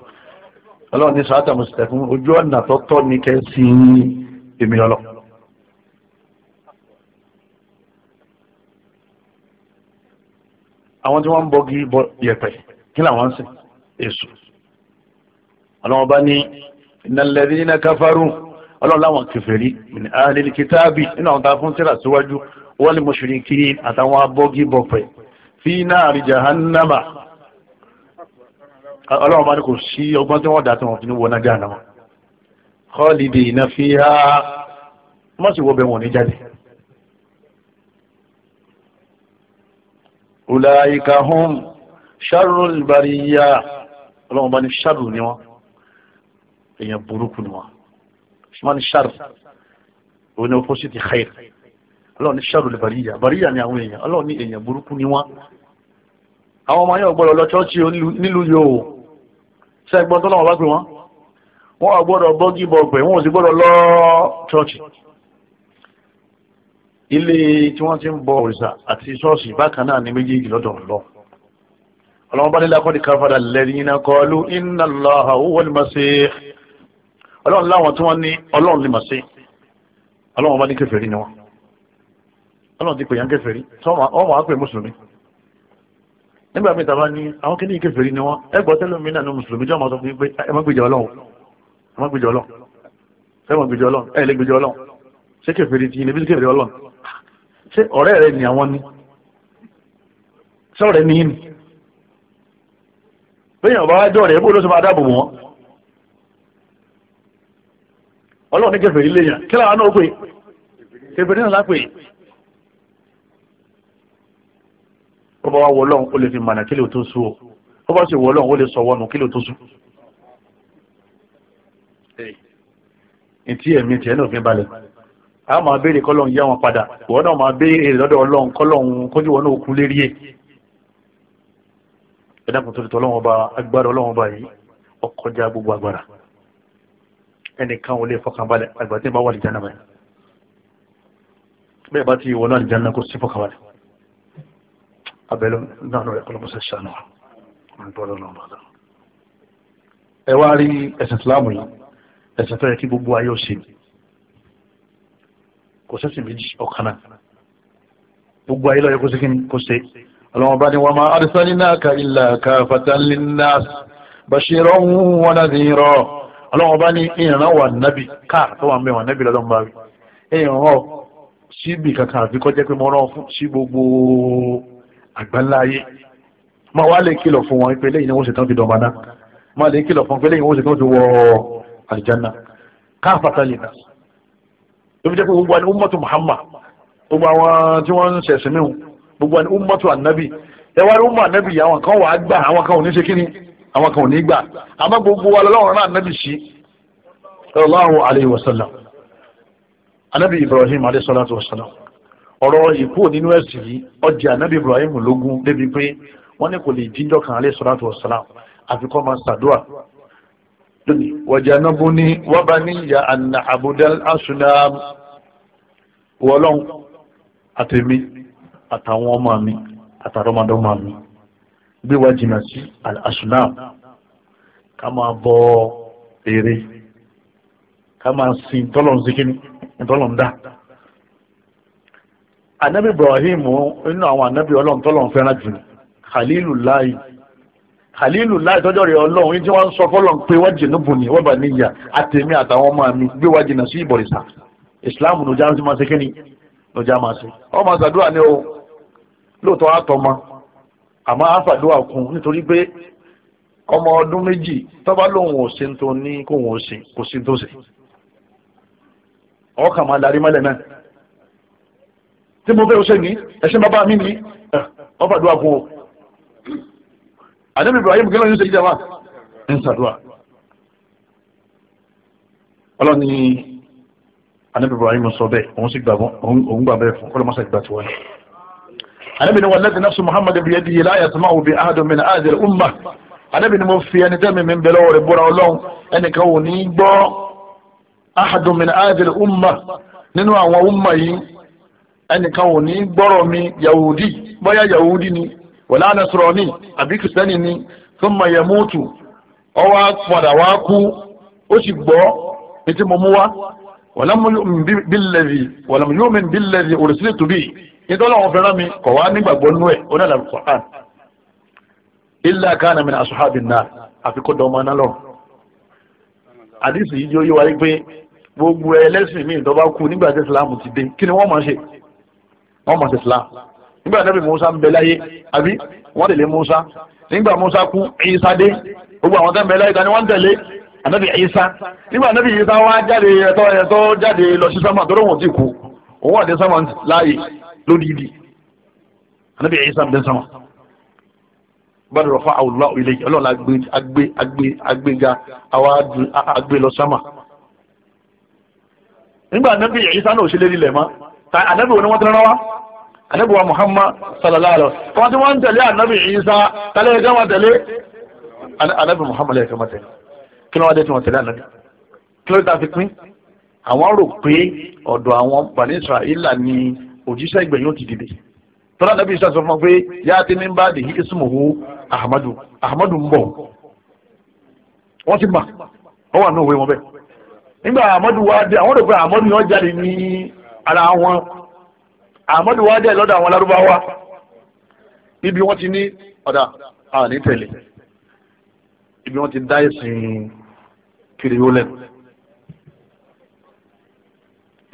ọlọ́run ní sàátà mustaqim ojú ọ̀nà tọ́tọ́ ní kẹ́sì èmi ọlọ́ àwọn tí wọ́n ń bọ́gi yẹ̀pẹ̀ kí làwọn ń sìn èṣù ọlọ́run ní ìnàlẹ́dínlẹ́ káfárù ọlọ́run láwọn kèfèrí ní àlèlè kìtàbì nínú àwọn tààfún tíra síwájú wọ́n lè mọ̀ṣúrí kiri àtàwọn abọ́gí bọ̀fẹ̀ fi nari jahannama ọlọ́run bá ní kò sí ọgbọ́n tí wọ́n dà tí wọ́n fi ní wọ́n náà jahannama khalidina fiha wọ́n sì wọ́bẹ̀ wọn ní jáde. ulaika hum sharrul bariyya ọlọ́run bá ní sharru ni wọ́n èèyàn burúkú ni wọn ṣùgbọ́n ní ṣàrù òun ni opposite xayir ọlọ́run ní ṣàrù lè bàríyà bàríyà ni àwọn èèyàn ọlọ́run ní èèyàn burúkú ni wọn. àwọn ọmọ yẹn ò gbọ́dọ̀ lọ ṣọ́ọ̀ṣì nílùú yìí o ṣe ẹgbọ́n tó lọ́wọ́ bá gbé wọn wọn ò gbọ́dọ̀ bọ́gì bọ̀gbẹ̀ wọn ò sì gbọ́dọ̀ lọ ṣọ́ọ̀ṣì. ilé tí wọ́n ti ń bọ òrìṣà àti ṣọ́ọ̀ṣì bákan náà ní méjèèjì lọ́dọ̀ ọ̀lọ́ ọlọ́run bá nílá kọ́ ọlọ́run láwọn tí wọ́n ní ọlọ́run lè mà sí ọlọ́run bá ní kèfèrí ni wọ́n ọlọ́run ti pè yàn kèfèrí tọ́wọ́n àwọn àpè mùsùlùmí nígbà míì tàbá ní àwọn kìíní kèfèrí ni wọ́n ẹgbọ́ tẹ́lẹ̀ mi náà ní mùsùlùmí jọ́ máa sọ fún yín pé ẹ má gbèjà ọlọ́run ẹ má gbèjà ọlọ́run ẹ má gbèjà ọlọ́run ẹ lè gbèjà ọlọ́run ṣé kèfèrí ti yín níbi kèfèrí ọlọ́run ṣé ọ̀rẹ́ ni àwọn ni ṣé ọ̀rẹ́ ni yín ni bẹ́ẹ̀ yàn bá wá ọlọ́run ní kẹfẹ́ ilé yẹn kí làwọn náà pè kẹfẹ́ náà lápè ó bá wá wọ ọlọ́run ó lè fi mànà kí lè tó sú o ó bá sì wọ ọlọ́run ó lè sọ wọnù kí lè tó sú. ntí ẹ̀mí tiẹ̀ náà fi balẹ̀ a máa béèrè kọ́lọ́n yá wọn padà ìwọ náà máa béèrè lọ́dọ̀ ọlọ́run kọ́lọ́n kójú wọn náà kú lérí ẹ̀ ẹ̀dá kò tó ti tọ́ ọlọ́run ọba agbára ọlọ́run ọba yìí ọkọjá gbogbo agbára ẹnìkan ò lè fọkànbalẹ̀ àgbà tí ń bá wà lìjánà báyìí bẹ́ẹ̀ bá ti wọ́n náà lìjánà kò sí fọkànbalẹ̀ abẹ́lẹ́ náà rẹ̀ kọ́lọ́ mọ́sẹ̀ ṣàánú ẹ wá rí ẹ̀sìn Ìsìlámù yìí ẹ̀sìn tó yẹ kí gbogbo ayé ó ṣe kò sẹ́sìn méjì ọ̀kan náà gbogbo ayé lọ́yẹ kó sí kí ni kó ṣe ọlọ́wọ́n bá ní wa ma arsalnaka illa kafatan linnas bashiran wa nadhira ọlọ́run bá ní ìrìnà wà nábì káà tó wà mẹ́wàá nábì lọ́dọ̀ bá rí ìrìnà síbì kankan àfi kọjá pé mo rán fún sí gbogbo àgbáńláyé má wá lè kìlọ̀ fún wọn pé lẹ́yìn ni wọ́n ṣe tán fi dọ̀mọ́ náà má lè kìlọ̀ fún pé lẹ́yìn wọ́n ṣe tán fi wọ àlìjáná káà pàtàkì náà ló fi jẹ́ pé gbogbo àni ummatu Muhammad gbogbo àwọn tí wọ́n ń ṣẹ̀sìn mìíràn gbogbo àni ummatu ànábì ẹ wá rí ummatu ànábì àwọn kan wà á gbà àwọn kan ò ní ṣe kíni àwọn kan ò ní gbà àmọ́ gbogbo wa lọ́wọ́ náà nábì sí sallallahu alayhi wa sallam anabi ibrahim alayhi salatu wa sallam ọ̀rọ̀ ìkú nínú ẹ̀sìn yìí ọjà anabi ibrahim lógún débi pé wọ́n ní kò lè jíjọ́ kan alayhi salatu wa sallam àfi kọ́ máa ṣàdúrà lónìí wọ̀jà nábó ní wábà níyà abudal asunam wọlọ́n àtẹ̀mí àtàwọn ọmọ mi àtàrọmọdọ́mọ mi gbé wa jìnnà sí al-asnam ká máa bọ èrè ká máa sin tọ́lọ̀ ń sikini tọ́lọ̀ ń dá. anabi ibrahim nínú àwọn anabi ọlọ́run tọ́lọ̀ ń fẹ́ràn jù khalilullahi khalilullahi tọ́jọ́ rẹ̀ ọlọ́run yìí tí wọ́n ń sọ fọ́lọ́run pé wọ́n jìnnà bù ní wọ́n bá níyà àtẹ̀mí àtàwọn ọmọ mi gbé wa jìnnà sí ìbọ̀rìṣà islam ló ń sí máa ṣe kíni máa ṣe ọmọ àṣàdúrà ni ó lóòótọ́ àtọ́ máa àmọ́ àfàdúrà kún nítorí pé ọmọ ọdún méjì tọ́ba lòun ò ṣe tó ní kó wọn ṣe kò sí tó ṣe ọkàn máa darí mọ́lẹ̀ náà tí mo fẹ́ ṣe ní ẹ̀sìn bàbá mi ní ọfàdúrà kún o àdébí Ibrahim kí ló ń ṣe ìjàmbá ń ṣàdúrà ọlọ́ni àdébí Ibrahim sọ bẹ́ẹ̀ òun sì gbà bẹ́ẹ̀ fún ọlọ́mọṣẹ́ ìgbà tiwọn anabi ni walladhi nafsu muhammad bi yadihi la yatma'u bi ahadin min hadhihi al-ummah anabi ni mo fi ẹni tẹ́mi mi bẹ̀rẹ̀ ọ̀rẹ́ bọ́ra ọlọ́run ẹnìkan ò ní gbọ́ ahadun min hadhihi al-ummah nínú àwọn umma yìí ẹnìkan ò ní gbọ́rọ̀ mi yahudi bóyá yahudi ni wala nasrani àbí kìrìsìtẹ́nì ni thumma yamutu ọwọ́ padà wá kú ó sì gbọ́ ètí mo mú wá wàlámù yóò mìn bílẹ̀dì wàlámù yóò mìn bílẹ̀dì òrìṣìlẹ̀ tóbi nítorí àwọn fẹ́ràn mi kọ̀ wá nígbàgbọ́ nú ẹ̀ ó dàdà Qur'an illa kana min ashabin nar náà lọ. àdìsí yìí yóò yé gbogbo ẹlẹ́sìn mi ìdọ́ba kú nígbà tí Islam ti dé kí ni wọ́n máa ṣe wọ́n máa ṣe Islam nígbà tí Musa ń bẹ láyé àbí wọ́n tẹ̀lé Musa nígbà Musa kú Isa dé gbogbo àwọn tẹ̀lé láyé tani wọ́n tẹ̀lé anabi Isa nígbà anabi Isa wá jáde ẹ̀tọ́ ẹ̀tọ́ jáde lọ sí sámà tó lóun ti kú òun àti sámà láàyè lórí ibi anabi isa bẹ sama bàdé rọfà àwùlọ ilé yìí ọlọ́run agbé agbé agbé agbéga àwa agbé lọ sama nígbà anabi isa náà ò ṣe lérí lẹ̀ mọ́ ta anabi wo ni wọ́n tẹ́lẹ̀ wá anabi wa muhammad sallallahu alaihi wa sallam wọ́n ti wọ́n tẹ̀lé anabi isa tẹ́lẹ̀ ẹ̀ka wọn tẹ̀lé anabi muhammad ẹ̀ka wọn tẹ̀lé kí ló wá dé tí anabi kí ló fi pín àwọn rò pé ọ̀dọ̀ àwọn bani israẹla ni òjíṣẹ́ ìgbẹ̀yìn ó ti dìde tọ́lá nàbí isa sọ fún pé yá ti ní bá dèhí ismuhu ahmadu ahmadu ń bọ̀ wọ́n ti mà wọ́n wà ní òwe wọn bẹ́ẹ̀ nígbà ahmadu wá dé àwọn òdòfin ahmadu yóò jáde ní ara wọn ahmadu wá dé lọ́dọ̀ àwọn lárúbáwá ibi wọ́n ti ní ọ̀dà àní tẹ̀lé ibi wọ́n ti dá ẹ̀sìn kiri ó lẹ́nu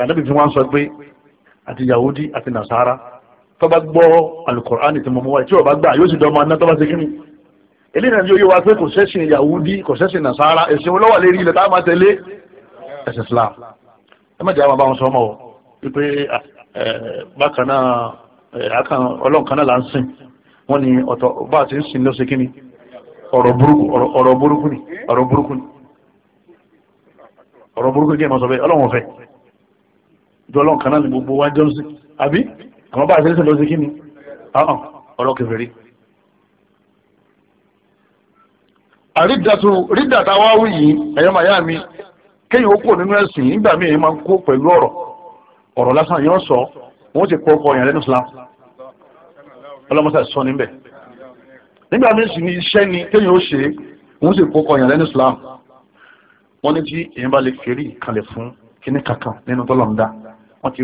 tàbí fi wọ́n sọ pé àti yahudi àti nasara tó bá gbọ́ alukur'ani tí mo mú wáyé tí o bá gbà yóò sì dọ́ ọmọ aná tó bá ṣe kíni eléyìí náà yóò wá pé kò sẹ́sìn yahudi kò sẹ́sìn nasara ẹ̀sìn olówó lérí ilẹ̀ tá a máa tẹ̀lé ẹ̀sìn islam ẹ má jẹ́ àwọn abáwọn sọmọ o wípé bákan náà akan ọlọ́run kan náà là ń sìn wọ́n ní ọ̀tọ̀ bá a ti ń sìn ló ṣe kíni ọ̀rọ̀ burúkú ni ọ̀rọ̀ burúkú ni ọ̀rọ̀ burúkú jọlọ́n kan náà ni gbogbo wa jọ ń sìn àbí àwọn bá àṣẹ́sẹ̀ lọ sí kí ni ọ̀rọ̀ kèfèrí. àrídàtú rídàtà wá wí yìí ẹ̀yọ́ màyá mi kéyìn ó kò nínú ẹ̀sìn nígbà míì máa ń kó pẹ̀lú ọ̀rọ̀ ọ̀rọ̀ lásán yóò sọ wọ́n ti kọ́ ọkọ̀ yẹn lẹ́nu Islam ọlọ́mọṣà sọ níbẹ̀ nígbà míì sì ni iṣẹ́ ni kéyìn ó ṣe wọ́n sì kọ́ ọkọ̀ yẹn lẹ́nu Islam wọ́n ní tí èyí bá lè fèrè ìkàlẹ̀ fún kíní kankan nínú tọ́lọ́mdá wọ́n ti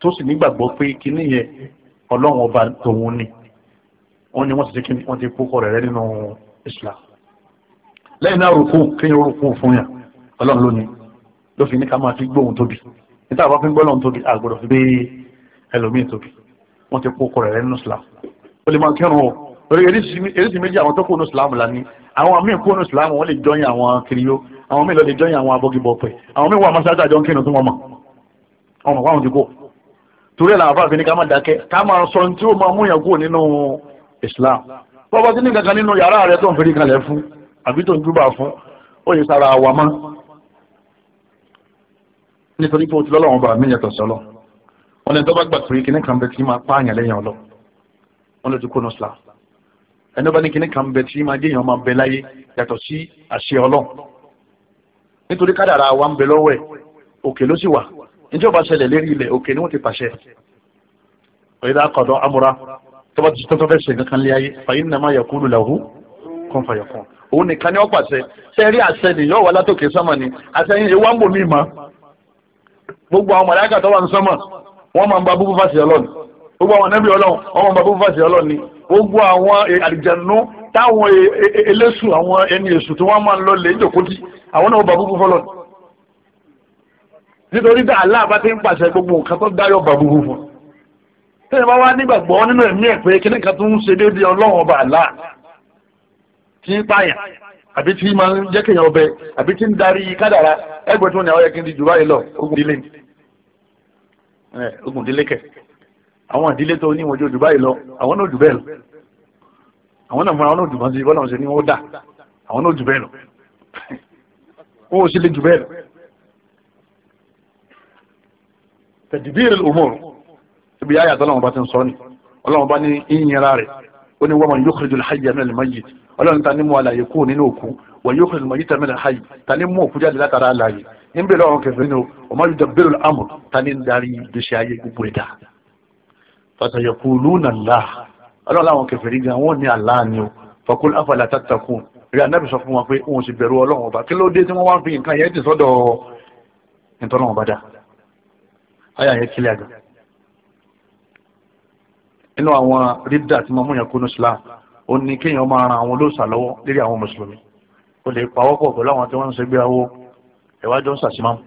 tó sì nígbàgbọ́ pé kinní yẹn ọlọ́run ọba tòun ni wọ́n ní wọ́n ti ṣe kinní wọ́n ti kó kọ rẹ̀ rẹ́ nínú Islam lẹ́yìn náà rúkú kí yóò rúkú fún yàn ọlọ́run ló ní ló fi ní ká máa fi gbóhùn tóbi níta àbá fi ń gbọ́lọ́run tóbi àgbọ̀dọ̀ fi gbé ẹlòmíín tóbi wọ́n ti kó kọ rẹ̀ rẹ́ nínú Islam ó lè máa kírun o orí eréṣin méjì àwọn tó kó nù Islam là ní àwọn míì kó nù Islam wọ́n lè jọyìn àwọn kiriyó àwọn míì lọ lè jọyìn àwọn abọ́gibọ̀pẹ̀ àwọn míì wà máa ṣáájú àjọ ń kírun tó wọ́n mọ̀ ọmọ fáwọn ti kó torí ẹ̀ làwọn àfin ní ká má dákẹ́ ká máa sọ tí ó máa mú yàn kúrò nínú Islam bọ́bá tí ní kankan nínú yàrá rẹ tó ń fèrè kalẹ̀ fún àbí tó ń dúbà fún ó yẹ sára wa mọ́ nítorí pé o ti lọ́lọ́wọ́n bá mi yàtọ̀ sọ́lọ́ wọn lè dọ́gba gbà pé kíní kan bẹ tí máa pààyàn lẹ́yìn ọlọ wọn lè ti kó nọ́sìlá ẹni bá ní kíní kan bẹ tí máa déyàn máa bẹ láyé yàtọ̀ sí àṣẹ ọlọ́ nítorí kádàrà wa ń bẹ lọ́wọ́ ẹ̀ òkè ló sì wà njẹ́ o bá ṣẹlẹ̀ lérí ilẹ̀ òkè ni wọ́n ti pàṣẹ ọ̀yẹ́dá akọ̀dọ̀ amúra tó bá ti tọ́tọ́ fẹ́ ṣe kankan lé ayé fàyín nàmá yakulu lahu kún fàyọkún òun nìkan ni wọ́n pàṣẹ sẹ́rí àṣẹ nìyọ́ wà látòkè sọ́mọ ni àṣẹ yẹn ewa ń bò mí ma gbogbo àwọn màláíkà tó wà ní sọ́mọ wọ́n máa ń ba búbú fàṣẹ ọlọ́ni gbogbo àwọn nẹ́bí ọlọ́run gbogbo àwọn eh, àlìjẹ̀nu táwọn eh, eh, eléṣù àwọn ẹni èṣù tí wọ́n máa ń lọ lè jókòó tí àwọn náà ba búbú fọlọ́ni nítorí tí Allah bá ti ń pàṣẹ gbogbo nǹkan tó dáyọ̀ bà gbogbo fún un tẹ́lẹ̀ bá wá nígbàgbọ́ nínú ẹ̀mí ẹ̀ pé kíní kan tó ń ṣe déédéé ọlọ́run ọba Allah tí ń pààyàn àbí tí máa ń jẹ́ kéèyàn ọbẹ̀ àbí tí ń darí kádàrá ẹgbẹ́ tó ní àwọn ẹ̀kí ń di jù báyìí lọ ogun ìdílé ogun ìdílé kẹ̀ àwọn ìdílé tó ní ìwọ̀n jù báyìí lọ àwọn náà jù bẹ́ẹ̀ lọ àwọn náà múra àwọn náà jù bọ́n sí bọ́lá wọn ṣe ni wọ́n dà àwọn náà jù bẹ́ẹ̀ lọ tẹ̀dìbíìrì umur ibi ayé àti ọlọ́run bá ti ń sọ ni ọlọ́run bá ní ìyìnra rẹ̀ ó ní wọ́n mọ̀ yóò kiri jùlọ hayya min al-mayyit ọlọ́run ta ni mu àlàyé kú nínú òkú wọ́n yóò kiri al-mayyita min al-hayy ta ni mu òkú jáde látara àlàyé ń bèrè ọ̀run kẹfẹ́ ni o ma yudabbiru al-amr ta ni ń darí ìgbésí ayé gbogbo ẹ̀dá fasayaquluna Allah ọlọ́run láwọn kẹfẹ́ rí Aya yẹn kílẹ̀ àgbà nínú àwọn rídà tí mọ́mú yẹn kó ní islam ó ní kéèyàn máa ran àwọn olóòṣà lọ́wọ́ lérí àwọn mùsùlùmí ó lè pa wọ́pọ̀ pẹ̀lú àwọn tí wọ́n ń ṣègbè àwọ ẹ̀wájọ́ ń ṣàṣìmáàmù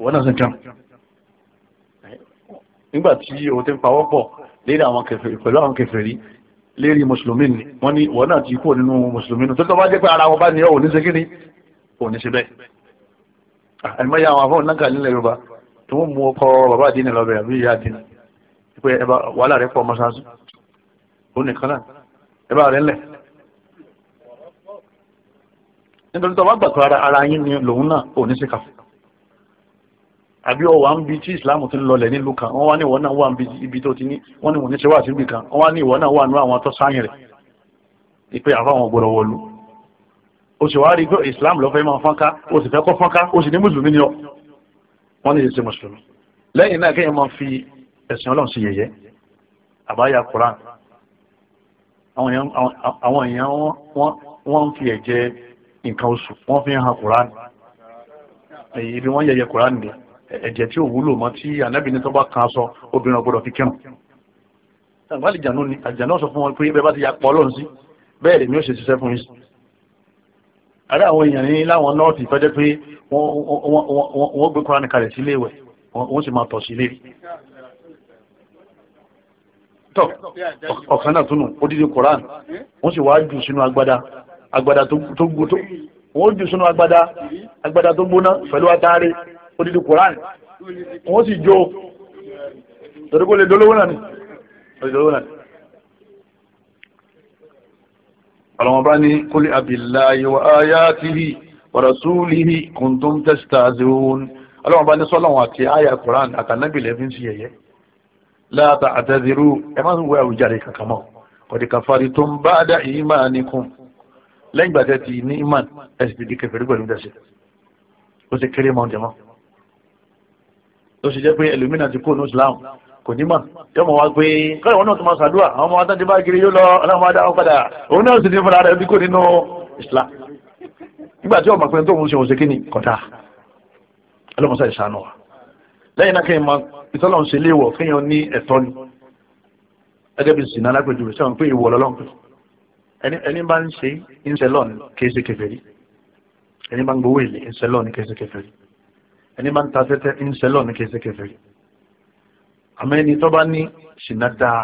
wọ́n náà sì kàn nígbà tí o ti ń pa wọ́pọ̀ pẹ̀lú àwọn kèfèrí lérí mùsùlùmí ni wọ́n ní wọ́n náà ti kúrò nínú mùsùlùmí tó tọ́ bá jẹ́ pé ara wọn bá ní ọ̀ ni ò àìmọye àwọn afọ́n náà kà nílẹ̀ yorùbá tí wọ́n mú ọkọ bàbá àdínì lọ́bẹ̀ àbí ìyá àdínì pé ẹba wàhálà rẹ pọ̀ mọ́ṣáláṣí ó nìkan náà ẹba rẹ ńlẹ̀ nítorí tó bá gbàgbọ́ ara ara yín ni lòun náà ò ní síkà àbí ọwà ń bi tí ìsìláàmù ti ń lọlẹ̀ nílùú kan wọ́n wá ní ìwọ náà wà ibi tó ti ní wọ́n ní wọ́n ní ṣe wà síbi kan wọ́n wá ní ìwọ náà wà nú àwọn tó sáyìn rẹ̀ ìpè àfáwọn gbọ́dọ̀ wọlú o sì wá rí pé islam ló fẹ́ máa fọ́nká o sì fẹ́ kọ́ fọ́nká o sì ní mùsùlùmí ni ọ wọ́n ní ìṣe mùsùlùmí lẹ́yìn náà kéèyàn máa fi ẹ̀sìn ọlọ́run sí yẹ̀yẹ́ àbáyá koran àwọn èèyàn wọ́n ń fi ẹ̀jẹ̀ nǹkan oṣù wọ́n fi ń han koran ibi wọ́n yẹ̀yẹ́ koran ni ẹ̀jẹ̀ tí ò wúlò mọ́ tí ànábì ní tó bá kan sọ obìnrin ọgbọ́dọ̀ fi kírun àgbàlejò àjànú sọ fún wọn pé bẹ́ẹ̀ bá ti yà pọ̀ ọlọ́run sí bẹ́ẹ̀ lèmi ó ṣe ṣiṣẹ́ fún yín sí àrẹ àwọn èèyàn ní láwọn nọ́ọ̀tì tọ́jẹ́ pé wọ́n gbé kúránì kalẹ̀ sílé ìwẹ̀ wọ́n sì máa tọ̀ sílé tọ́ ọ̀kan náà túnú odidi koran wọ́n sì wá jù sínú agbada agbada tó gbóná wọ́n jù sínú agbada agbada tó gbóná pẹ̀lú atare odidi koran wọ́n sì jó torí kó lè dolówó náà ni àwọn ọba ní kólé abillahi wa ayatihi wa rasulihi kuntum tastahzi'un àwọn ọba ní sọ́lọ́wọ́n àti àyà Qur'an àtànábìlẹ̀ fi ń ṣe yẹ̀yẹ́ la ta'tadhiru ẹ má wọ àwùjáde kankan mọ́ qad kafartum ba'da imanikum lẹ́yìn ìgbà tẹ́ ti ní iman ẹ sì ti di kèfèrí pẹ̀lú ìdẹ́sẹ̀ ó ti kéré mọ́ ọ̀dẹ̀ mọ́ ó sì jẹ́ pé ẹlòmínà ti kó ní Islam kò ní mà yọmọ wa pé kọ́lẹ̀ wọn náà tún máa ṣàdúrà àwọn ọmọ adá ti bá kiri yóò lọ ọlọ́mọ adá wọn padà òun náà sì ní fúnra rẹ̀ bí kò nínú Islam nígbà tí ọmọ pẹ̀lú tóun ṣe òun ṣe kí ni kọ̀dá ọlọ́mọṣẹ́ ìṣàánú wa lẹ́yìn náà kẹ́yìn máa ìtọ́lọ̀ ń ṣe léèwọ̀ kéèyàn ní ẹ̀tọ́ ni ẹgẹ́ bí sìnà alágbèjì rẹ̀ sẹ́wọ̀n pé ìwọ̀ lọ́lọ́run ẹni bá ń ṣe ìṣẹ̀lọ́ọ̀n kìí ṣe kèfèrí ẹni bá ń gbowó èlé ìṣẹ̀lọ́ọ̀n kìí ṣe kèfèrí ẹni bá ń ta tẹ́tẹ́ ìṣẹ̀lọ́ọ̀n kìí ṣe kèfèrí àmọ́ ẹni tó bá ní ṣìnà dáa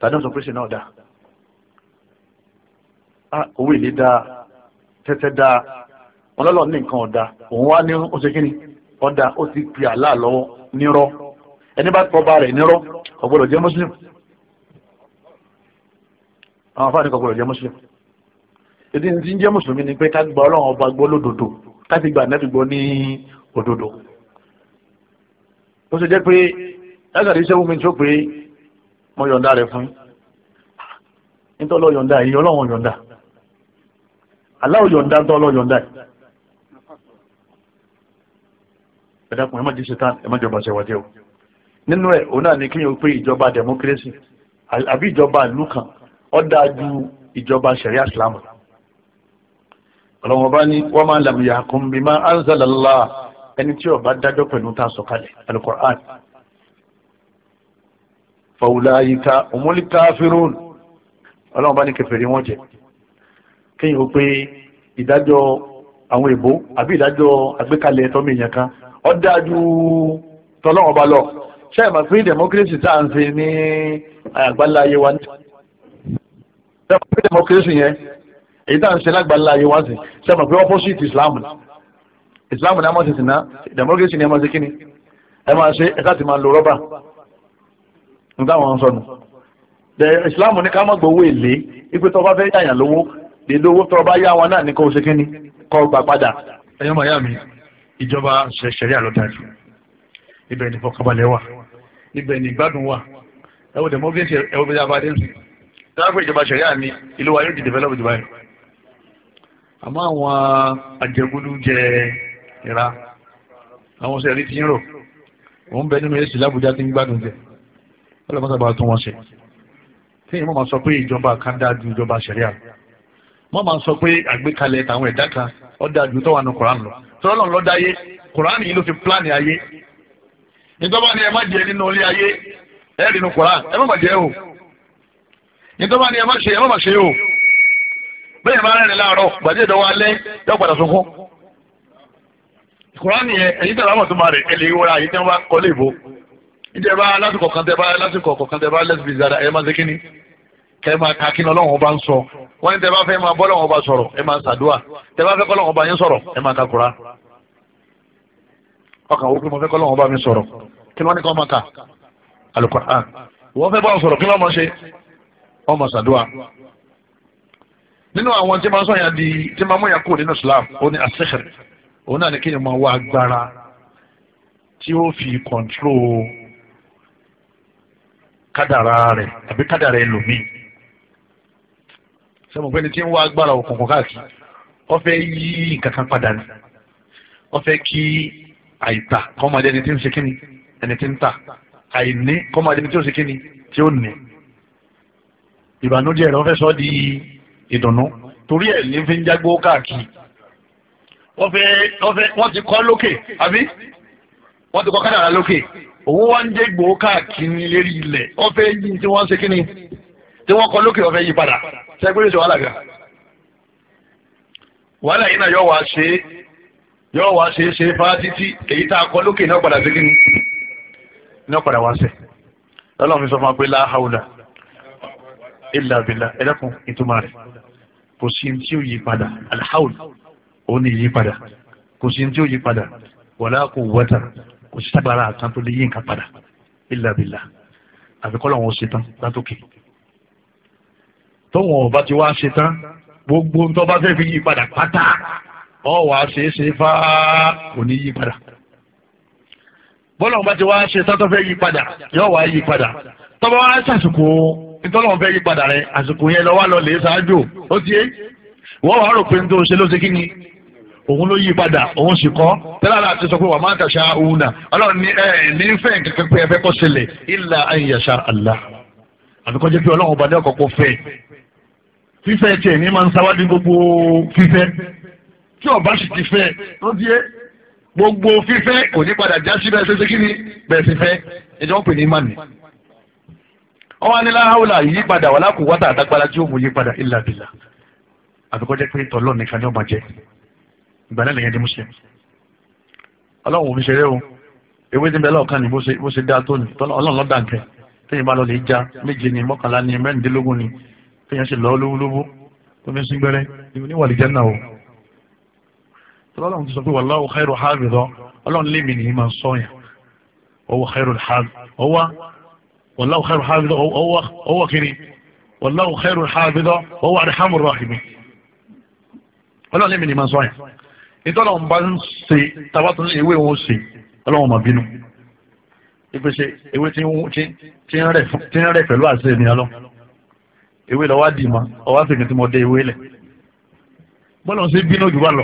tàbí sọ pé ṣìnà ọ̀dà owó èlé dáa tẹ́tẹ́ dáa wọn lọ́lọ́ ní nǹkan ọ̀dà òun wá ní oṣù kínní ọ̀dà ó ti pè àlá lọ́wọ́ nírọ́ ẹni bá kọ́ ba rẹ̀ nírọ́ kò gbọ́dọ̀ jẹ́ muslim àwọn afáàní kò gbọ́dọ̀ jẹ́ muslim èdè ní ti ń jẹ́ mùsùlùmí ni pé ká gba ọlọ́run ọba gbọ́ lódodo ká ti gba ànábì gbọ́ ní òdodo ó ṣe jẹ́ pé ẹ̀ka tí sẹ́wọ́n mi tó pé mo yọ̀ǹda rẹ̀ fún yín nítorí ọlọ́yọ̀ǹda yìí ọlọ́run yọ̀ǹda aláwọ̀ yọ̀ǹda ń tọ́ ọlọ́yọ̀ǹda yìí ẹ̀dàkùn ẹ̀ má jí ṣetán ẹ̀ má jọba ṣẹwàjẹ́ o nínú ẹ̀ òun náà ni kí yóò pé ìjọba democracy àbí ìjọba ìlú kan ó dáa ju ìjọba sharia islam ọlọ́run ọba ní wọ́n máa ń làmìyà bí máa ń sàlàlá ẹni tí ó bá dájọ́ pẹ̀lú tá a sọ kalẹ̀ alukur'an fawulayika umuli kafirun ọlọ́run bá ní kèfèrí wọn jẹ kéyìn ó pé ìdájọ́ àwọn èbó àbí ìdájọ́ àgbékalẹ̀ ẹ̀tọ́ mi yẹn kan ó dájú tọ́lọ́run bá lọ ṣe ìmọ̀ pé democracy tá à ń ṣe ní àgbáláyé wa ní. ṣe ìmọ̀ pé democracy yẹn èyí tá à ń ṣe lágbàláyé wa sí ṣe ìmọ̀ pé opposite Islam ni islam ní a máa ṣe sìnà democracy ní a máa ṣe kíni ẹ máa ṣe ẹ láti máa lo rọ́bà ní táwọn ń sọnù islam ní ká má gbowó èlé ipe tó bá fẹ́ yàyàn lówó dédé owó tó bá yá wọn náà ní kó ṣe kíni kó gbà padà. ẹyọ màyà mi ìjọba ṣẹṣẹrí àlọdájú ibẹ̀ ní fọkànbalẹ̀ wà ibẹ̀ ní ìgbádùn wà ẹ wo democracy ẹ wo bí a bá dáàbò ìjọba ṣẹ̀ríà ni ìlú wa yóò di develop Dubai àmọ́ àwọn ajẹgúdú jẹ ìra àwọn oṣù ẹ̀rí ti ń rò òun bẹ nínú èsì lábújá tí ń gbádùn jẹ ọlọ́mọ́sàbà tó wọ́n ṣe téèyàn mọ̀ máa sọ pé ìjọba kan dáa ju ìjọba ṣẹ̀ríà mọ̀ máa sọ pé àgbékalẹ̀ tàwọn ẹ̀dá kan ó dáa ju tọ́wọ́ nu koran lọ tọ́lọ́ lọ dáyé koran yìí ló fi pílánì ayé ìjọba ni ẹ má jẹ nínú ilé ayé ẹ rí nu koran ẹ má má jẹ o ìjọba ni ẹ má ṣe ẹ má má ṣe o bẹ́ẹ̀ bá rẹ̀ láàárọ̀ gbàdé ìdọ́wọ́ alẹ́ yọ padà sunkún kùránì yẹn ẹ̀yin tẹ̀lé àwọn tó máa rẹ̀ ẹ̀lẹ́ ìwọ́ra yìí tí wọ́n bá kọ́ lè bò níjẹ́ bá lásìkò kan tẹ́ bá lásìkò kọ̀ọ̀kan tẹ́ bá lẹ́sìbì zara ẹ̀ máa ṣe kíni kẹ́ máa ka kí ni ọlọ́run ọba ń sọ wọ́n ní tẹ́ bá fẹ́ máa bọ́ ọlọ́run ọba sọ̀rọ̀ ẹ̀ máa ṣàdúà tẹ́ bá fẹ́ kọ́ ọlọ́run ọba yín sọ̀rọ̀ ẹ̀ máa ka ọkàn wo fẹ́ kọ́ ọlọ́run ọba mi sọ̀rọ̀ kí wọ́n ní kọ́ di tí máa mú yẹn kú nínú Islam òun náà ni kéèyàn máa wá agbára tí ó fi kọ̀ǹtró kádàrá rẹ̀ àbí kádàrá ẹlòmíì sọmọ pé ní tí ń wá agbára òkùnkùn káàkiri wọ́n fẹ́ yí nǹkan kan padà ní wọ́n fẹ́ kí àìta kọ́mọdé ẹni tí ń ṣe kíni ẹni tí ń ta àìní kọ́mọdé ẹni tí ó ṣe kíni tí ó ní ìbànújẹ́ rẹ̀ wọ́n fẹ́ sọ di ìdùnnú torí ẹ̀ ní fi ń jágbó káàkiri wọ́n fẹ́ wọ́n fẹ́ wọ́n ti kọ́ lókè àbí wọ́n ti kọ́ kádàrá lókè òun wá ń jẹ́ gbòó káàkiri lérí ilẹ̀ wọ́n fẹ́ yí tí wọ́n ń ṣe kíni tí wọ́n kọ́ lókè wọ́n fẹ́ yí padà sẹ́gbẹ́rẹ́ ṣe wàhálà gan. wàhálà yìí náà yọ wá ṣe yọ wá ṣe ṣe fa títí èyí tá a kọ́ lókè náà padà sí kíni náà padà wá sẹ̀ lọ́lọ́ mi sọ fún wa pé láhàúlà ìlàbìlà ẹ̀dẹ́kun ìtumọ̀ rẹ̀ kò sí tí ò yí padà alhàúlà ó ní ìyípadà kò sí ní tí ó yípadà wàlá kò wọ́tà kò sí tábàárà kan tó lè yí nǹkan padà illa billah àfi kọ́ làwọn ò ṣe tán látòkè tóun ọba ti wá ṣe tán gbogbo tó bá fẹ́ fi yí padà pátá ọ wà á ṣe é ṣe fá kò ní yí padà bọ́lọ̀ bá ti wá ṣe tán tó fẹ́ yí padà yóò wá yí padà tọ́ba wá ṣàṣùkò nítorí wọn fẹ́ yí padà rẹ àsìkò yẹn lọ́wọ́ lọ lè ṣáájú ó ti yé wọ́n wàá rò pé ní tó ń ṣe ló ṣe kí ni òun ló yí padà òun sì kọ́ tẹ́lára àti sọ pé wà máa tàṣà òun náà ọlọ́run ní ẹ ní fẹ́ kankan pé ẹfẹ́ kọ́ sílẹ̀ ilà ayẹ̀ṣà àlá àfikọ́ jẹ́ pé ọlọ́run ọba ní ọ̀kọ̀ọ̀kọ̀ fẹ́ fífẹ́ tiẹ̀ ní máa ń sáwádìí gbogbo fífẹ́ tí ọba sì ti fẹ́ tó díẹ̀ gbogbo fífẹ́ kò ní padà já sí bẹ́ẹ̀ ṣe kí ni bẹ́ẹ̀ fífẹ́ ẹjọ́ pè ní mànì ọwọ́ aniláhàwùlà yípadà wàlákùwátà àdágbára tí ó mú àbíkọ́jẹ́ pé tọ́lọ́ nìkan ni ó máa jẹ ìgbà náà lèyẹn di muslim ọlọ́run ò fi ṣeré o ewé tí ń bẹ lọ́ọ̀kan ni bó ṣe dá tó ni ọlọ́run lọ́ọ́ dànkẹ́ téèyàn bá lọ lè já méje ni mọ́kànlá ni mẹ́rìndínlógún ni téèyàn sì lọ́ọ́ lówólówó tó fi sí gbẹ́rẹ́ ní wàlí jẹ́nà o ọlọ́run ti sọ pé wallahu khairu hafiz ọlọ́run lé mi nìyí máa ń sọ̀yàn ọlọ́run lèmi ni máa sọ yẹn ìtọ́lọ̀ ń bá ń ṣe tabatun ewé wọn ṣe ọlọ́run máa bínú ìpèsè ewé tí ń rẹ̀ pẹ̀lú àṣẹ mi ọlọ́ ewé lọ́wọ́ dì mọ́ ọwọ́ àfihàn tí mo dé ewé lẹ̀ bọ́lọ̀ ń ṣe bínú jù wá lọ.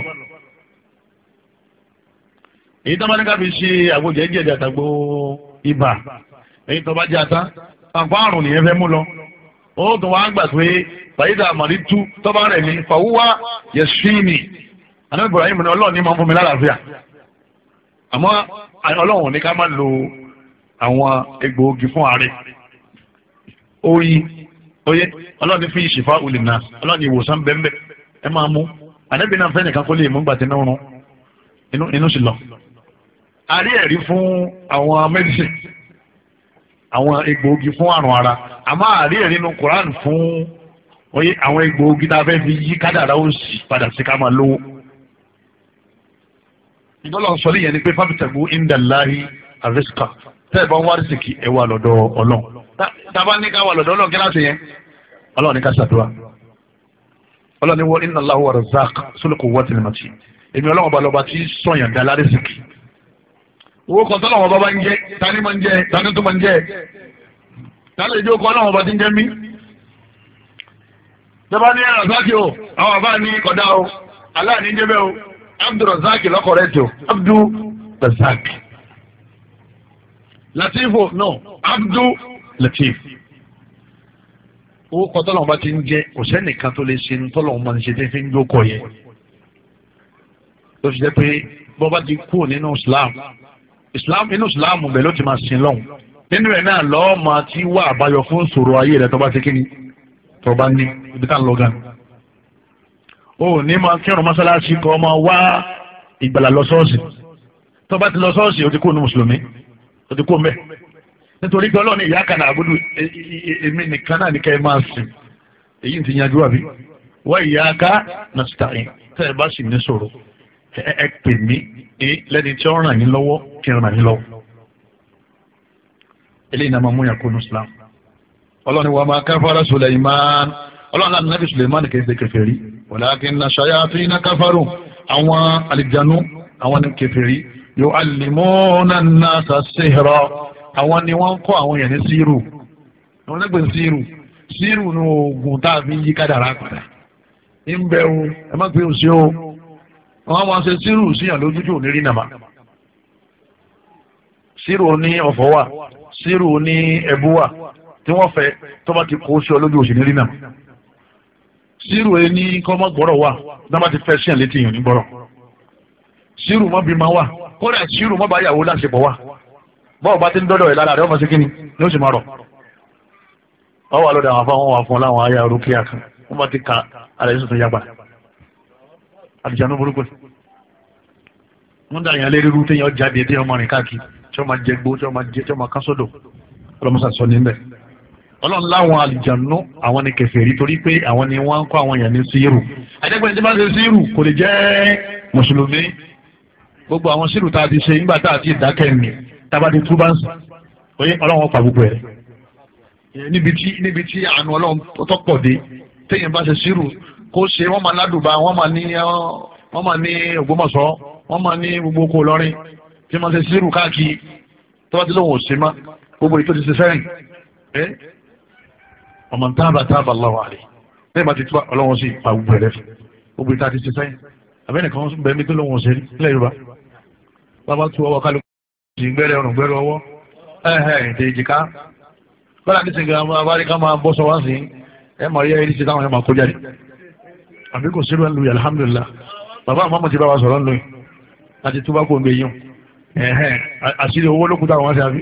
èyí tó bá ní ká fi ṣe àgbòjẹ́ jẹ̀dẹ̀ àtàgbò ibà èyí tó bá jẹ́ ata àǹfààrùn nìyẹn fẹ́ mú lọ ó tún wá gbà pé fàyídà àmàlítú tọ́ba rẹ̀ mi fàwúwá yẹsùnì àná Ibrahim ní ọlọ́run ní máa ń fún mi lálàáfíà àmọ́ ọlọ́run ní ká máa lo àwọn egbòogi fún ààrẹ oyin oye ọlọ́run ní fi ìṣèfà olè náà ọlọ́run ní ìwòsàn bẹ́ẹ̀ ẹ máa mú ànábì náà fẹ́ nìkan kó lè mú gbàtí náà rún inú sì lọ a rí ẹ̀rí fún àwọn mẹ́dísìn àwọn egbòogi fún àrùn ara àmọ́ a ẹ̀rí nínú Koran fún oye àwọn egbòogi tá a fẹ́ fi yí kádàrá ó sì padà sí ká máa lówó ìdọ́lọ́ sọ lẹ́yìn ni pé fábítẹ̀gù indalahi ariska tẹ́ ẹ bá ń wá rìsìkì ẹ wà lọ́dọ̀ ọlọ́run tá a bá ní ká wà lọ́dọ̀ ọlọ́run kí yẹn ọlọ́run ní ká ṣàdúrà ọlọ́run ní wọ́n iná láwọ́ razak sólùkù wọ́tí ni màtí èmi ọlọ́run bá lọ́ba tí sọ̀yàn dá lárìsìkì owó kan tani máa tani tó máa ń jẹ tani lè jẹ́ okòó tọ́ba ní o àwọn àbá ní kọ̀dá o aláàní jẹ́bẹ́ o abdulrazaki lọ́kọ̀ọ́rẹ́ tó abdulrazak latifo no Abdu latif owó kọ́ tọ́lọ́mọba ti ń jẹ́ kò sẹ́nìkan tó lè ṣe ní tọ́lọ́mọba ti ṣe tẹ́ fi ń jókòó yẹn ló jẹ́ pé bọ́ba ti kú nínú islam islam inú islam bẹ̀ ló ti máa sin lọ́hùn nínú ẹ̀ náà lọ́ọ́ máa ti wá àbáyọ fún ìṣòro ayé rẹ̀ tọ́ba ti kí tó bá ní ibi tá à ń lọ gan. o ní máa kírun mọ́sálásí kọ́ ọmọ wá ìgbàlà lọ sọ́ọ̀sì tó bá ti lọ sọ́ọ̀sì o ti kó nu mùsùlùmí o ti kó mbẹ́ nítorí pé ọlọ́ọ̀ni ìyá kan àbúdú e, e, e, èmi nìkan náà ní ká ẹ máa sìn èyí ti yanjú àbí wọ́n ìyá ká nàṣìtàyìn tẹ́ ẹ bá sì ní sọ̀rọ̀ ẹ pè mí lẹ́ni tí ó ràn yín lọ́wọ́ kí n ràn yín lọ́wọ́ eléyìí náà máa mú yàn kó nu Islam ọlọ́ni wa máa káfárá Suleiman ọlọ́run láti nàbí Suleiman kì í ṣe kèfèrí walakinna shayatina kafaru àwọn àlìjánu àwọn ní kèfèrí yu'allimuna an-nasa as-sihra àwọn ni wọ́n ń kọ́ àwọn yẹn ní síírù àwọn ẹgbẹ́ síírù síírù ni oògùn tá a fi yí kádàrá padà ń bẹ̀rù ẹ má gbé òsì o wọ́n máa ṣe síírù síyàn lójújú òní nàmà síírù ní ọ̀fọ̀ wà síírù ní ẹ̀bú wà tí wọ́n fẹ́ tó bá ti kó sí ọ lójú òsì nílí náà sírù ẹ ní kọ́ mọ́ gbọ́rọ̀ wà náà bá ti fẹ́ sí ẹ̀ létí ìyàn ní gbọ́rọ̀ sírù mọ́ bímọ wà kódà sírù mọ́ bá yàwó láṣepọ̀ wà bọ́ọ̀ bá ti ń dọ́dọ̀ ẹ̀ lára rẹ̀ ọmọ sí kínní ni ó sì máa rọ̀ wọ́n wà lọ́dọ̀ àwọn afáwọn wà fún láwọn ayé rúkìá kan wọ́n bá ti ka ara yẹn tuntun yàgbà àbíjánu burúkú wọ́n dà yàn lérí rú téèyàn jáde téèyàn máa káàkiri tí wọ́n máa jẹ gbó tí wọ́n máa jẹ tí sọ ní bẹ́ẹ̀ ọlọ́run láwọn àlùjànnú àwọn ni kèfèrí torí pé àwọn ni wọ́n ń kọ́ àwọn èèyàn ní síírù àjẹpẹ́ tí bá ṣe síírù kò lè jẹ́ mùsùlùmí gbogbo àwọn síírù tá a ti ṣe nígbà tá a ti dákẹ́ ni tábàdí túbà ń sìn oye ọlọ́run ọ̀pá gbogbo ẹ̀ níbi tí níbi tí àánú ọlọ́run tó pọ̀ dé téèyàn bá ṣe síírù kó ṣe wọ́n máa ládùbà wọ́n máa ní wọ́n máa ní Ògbómọ̀ṣọ́ wọ́n máa ní gbogbo oko lọ́rin tí wọ́n ṣe síírù káàkiri tó bá ti lóun ò ṣe má gbogbo ètò ti ṣe sẹ́yìn ọmọ n tábà tábà lọ́wọ́ àlè bẹ́ẹ̀ bá ti tú ọlọ́wọ́ sí ipa gbogbo ẹ̀rẹ́ fún gbogbo ìta ti ṣe sẹ́yìn abẹ́nìkan bẹ́ẹ̀ mi tó lọ́wọ́ ṣe nílẹ̀ Yorùbá bàbá tu ọwọ́ kálukú sí gbẹ́rẹ́ ọ̀rùn gbẹ́rẹ́ ọwọ́ ẹ̀hẹ̀ ètè ìjìká bọ́lá ní sìnkà abáríkà máa bọ́ sọ wá sí ẹ mọ̀ rí ẹni ṣe táwọn ẹ̀ máa kó jáde àbí kò sílùú ẹ̀ ń lu yà alhamdulillah bàbá àmọ́ ti bá wa sọ̀rọ̀ ń àti túbá kó ń gbé yín ẹ̀hẹ́n àṣírí owó lókùtà wọn ṣe àbí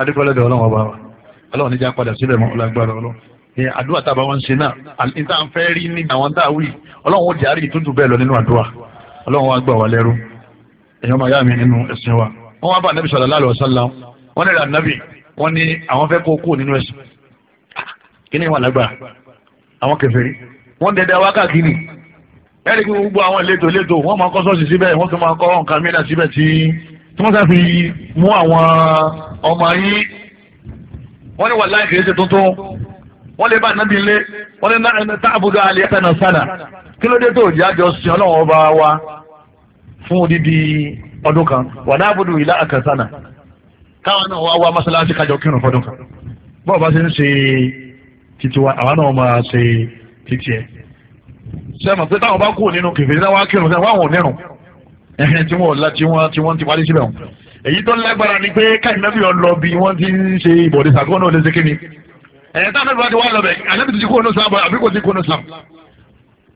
adékọ́lẹ́dọ̀ ọlọ́wọ́ bá ọlọ́run níjà padà sílẹ̀ mọ́ lágbára ọlọ́run ní àdúrà tábà wọn ṣe náà àti tá à ń fẹ́ rí ní àwọn tá a wí ọlọ́run ó jàrí ìtúntù bẹ́ẹ̀ lọ nínú àdúrà ọlọ́run wa gbà wá lẹ́rú èèyàn máa yá mi nínú ẹ̀sìn wa wọ́n wá bá ànábì sallallahu alaihi wasallam wọ́n ní ànábì wọ́n ní àwọn fẹ́ kó kúrò nínú ẹ̀sìn kí ni ìwà lágbà àwọn kèfèrí wọ́n dẹ̀dẹ̀ wákàkiri ẹ̀rí kí gbogbo àwọn ìletò ìletò wọ́n máa kọ́ sọ́ọ̀sì síbẹ̀ wọ́n tún máa kọ́ nǹkan mìíràn síbẹ̀ tí wọ́n sáfi mú àwọn ọmọ yín wọ́n ní wàláì kìí ṣe tuntun wọ́n lè bá ànábì ńlẹ̀ wọ́n ní táàbùdó alẹ́ ẹ̀tàn sánà kí ló dé tó ìjà jọ sin ọlọ́run ọba wa fún odidi ọdún kan wà náàbùdó ìlà àkàsánà káwọn náà wá wá mọ́sálásí kájọ kírun fọdún kan bọ́ọ̀ bá ṣe ń ṣe titi wa àwọn náà máa ṣe titi ẹ̀ sẹ́mi pé táwọn bá kú nínú kẹfẹ́ náà wá kírun sẹ́mi wá wọn nírun ẹ̀hìn tí wọ́n ti wọ́n ti parí síbẹ̀ wọn èyí tó lágbára ni pé káyìnàbí ọlọ bí wọ́n ti ń ṣe ìbọ̀dé sàkóso náà léṣe kíni ẹ̀yẹ tá ànábì bá ti wá lọ bẹ̀ ànábì ti kó onú sàbọ̀ àbí kò ti kó onú sàm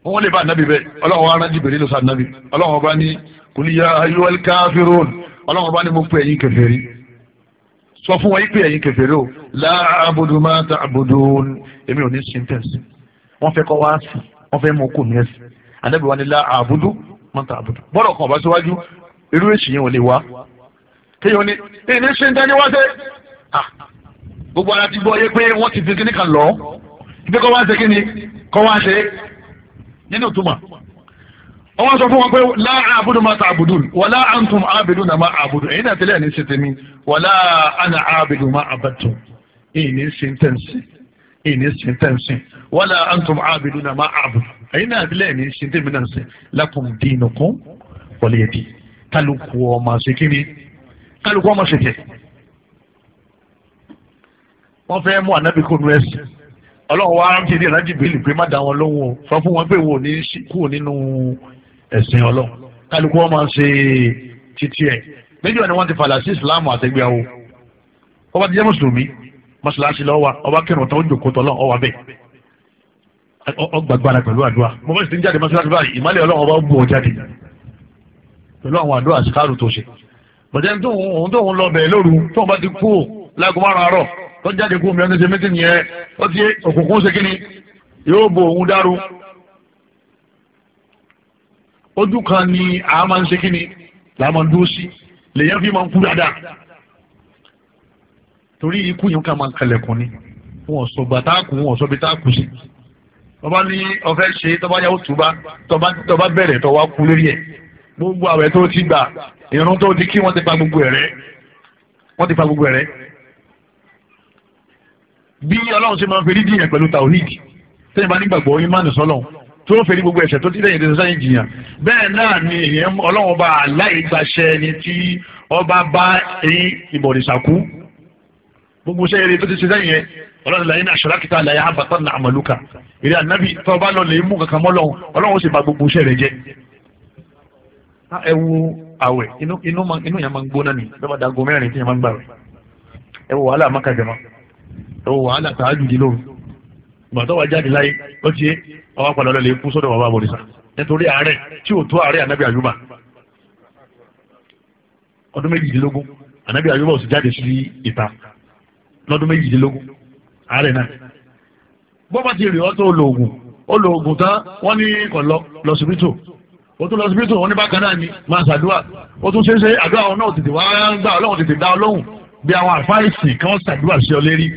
wọ́n lè bá ànábì bẹ́ẹ̀ ọlọ́run ará jìbìrì ló sa ànábì ọlọ́run ọba ní kùnìyà ayúwẹ́lì káfíròn ọlọ́run ọba ní mo pè ẹ̀yin kèfèrí sọ fún wọn yí pé ẹ̀yin kèfèrí o láàbùdù máa ta àbùdù èmi ò ní sin tẹ̀sí wọ́n fẹ́ kọ́ wá sí wọ́n fẹ́ mú kù téèyàn ní ní ṣe ń tẹ́ ní wá dé gbogbo ara ti gbọ́ yé pé wọ́n ti fi kíní kan lọ ibi kọ́ wá ṣe kíni kọ́ wá ṣe nínú ìtumọ̀ wọ́n sọ fún wọn pé láà àbùdù máa ta àbùdù wàlá àǹtùm àbìdù náà máa àbùdù èyí náà tẹ́lẹ̀ ní ṣe tèmi wàlá àná àbìdù máa àbàtù èyí ní ṣe tẹ̀sí èyí ní ṣe tẹ̀sí wàlá àǹtùm àbìdù náà máa àbùdù èyí náà tẹ́lẹ̀ ní ṣe tèmi náà ṣe lákùn dínú kún wọlé yẹ kálukú ọmọ ṣètẹ wọ́n fẹ́ mú ànábì kó nu ẹsẹ̀ Ọlọ́run wa rántí ní ìrántí bíìlì pé má dá wọn lóhùn o sọ fún wọn pé wò ní kúrò nínú ẹ̀sìn Ọlọ́run kálukú ọmọ ṣe títí ẹ méjì wọn ni wọ́n ti falà sí ìsìláàmù àtẹgbẹwò ọba ti jẹ mùsùlùmí mọ́ṣáláṣí lọ wa ọba kírun tó ń jòkó tọ lọhùn ọwà bẹ́ẹ̀ ọgbàgbára pẹ̀lú àdúrà mo bá sì ti ń jáde mọ́ṣáláṣí báyìí ìmọ́lẹ̀ Ọlọ́run ọba ó bù ọ jáde pẹ̀lú àwọn àdúrà àṣìkárù tó ṣe bọ̀dẹ́ tó òun tó òun lọ bẹ̀ lóru tó òun bá ti kú láago márùn àárọ̀ tó jáde kú omi ọdún ṣe mítìnì yẹn ó ti òkùnkùn ṣe kíni yóò bo òun dàrú ojú kan ni àá máa ń ṣe kíni làá máa ń dúró sí lèyàn fi máa ń kú dáadáa torí ikú yẹn ká máa ń kalẹ̀kùn ni wọn sọ gbà tá a kù wọn sọ bí tá sí tọba ní ọfẹ ṣe tọba yà ó túba tọba bẹ̀rẹ̀ tọwa kú lórí ẹ gbogbo àwẹ̀ tó ti gbà ìrún tó ti kí wọ́n ti pa gbogbo ẹ̀rẹ́ wọ́n ti pa gbogbo ẹ̀rẹ́ bí ọlọ́run ṣe máa ń feri jiyàn pẹ̀lú tàwíìdì tẹ́yìn bá nígbàgbọ́ ìmánu sọ́lọ́run tó ń feri gbogbo ẹ̀ṣẹ̀ tó ti tẹ̀yìn tẹ̀sán yìí jiyàn bẹ́ẹ̀ náà ni èèyàn ọlọ́run ọba aláìgbàṣẹ ni tí ọba bá eyín ìbọ̀dìṣàkú gbogbo sẹ́yẹrẹ tó ti ṣe sẹ́yìn yẹn ọlọ́run làyín àṣọlákìtà làyà àbàtà nà àmàlùkà èrè ànábì tó o lọ lè mú kankan mọ́ lọ́run ọlọ́run ó sì bà gbogbo iṣẹ́ rẹ̀ jẹ́ àwẹ̀ inú yẹn máa ń gbóná ni lọ́ba dago mẹ́rin tí yẹn máa ń gbà wẹ̀ ẹ wo wàhálà amákàjẹmọ́ ẹ wo wàhálà tààjùdì lóru gbàtọ́ wa jáde láyé ó ti yé ọwọ́ padà lọ lè kú sọ́dọ̀ bàbá àbọ̀lẹ́sà nítorí ààrẹ tí ò tó ààrẹ ànábì àyùbá ọdún méjìdínlógún ànábì àyùbá ò sì jáde sí ìta lọ́dún méjìdínlógún ààrẹ náà bọ́bá ti rí ọ́ tó lo oògùn ó lo oògùn tán wọ́n ní kọ̀ lọ lọ ó tún lọ síbítù wọn ní bákan náà ni máa ṣàdúrà ó tún ṣeéṣe àdúrà wọn náà tètè wá gbà ọlọ́run tètè dá ọlọ́run bí àwọn àfáìsì kan ṣàdúrà sí ọ lérí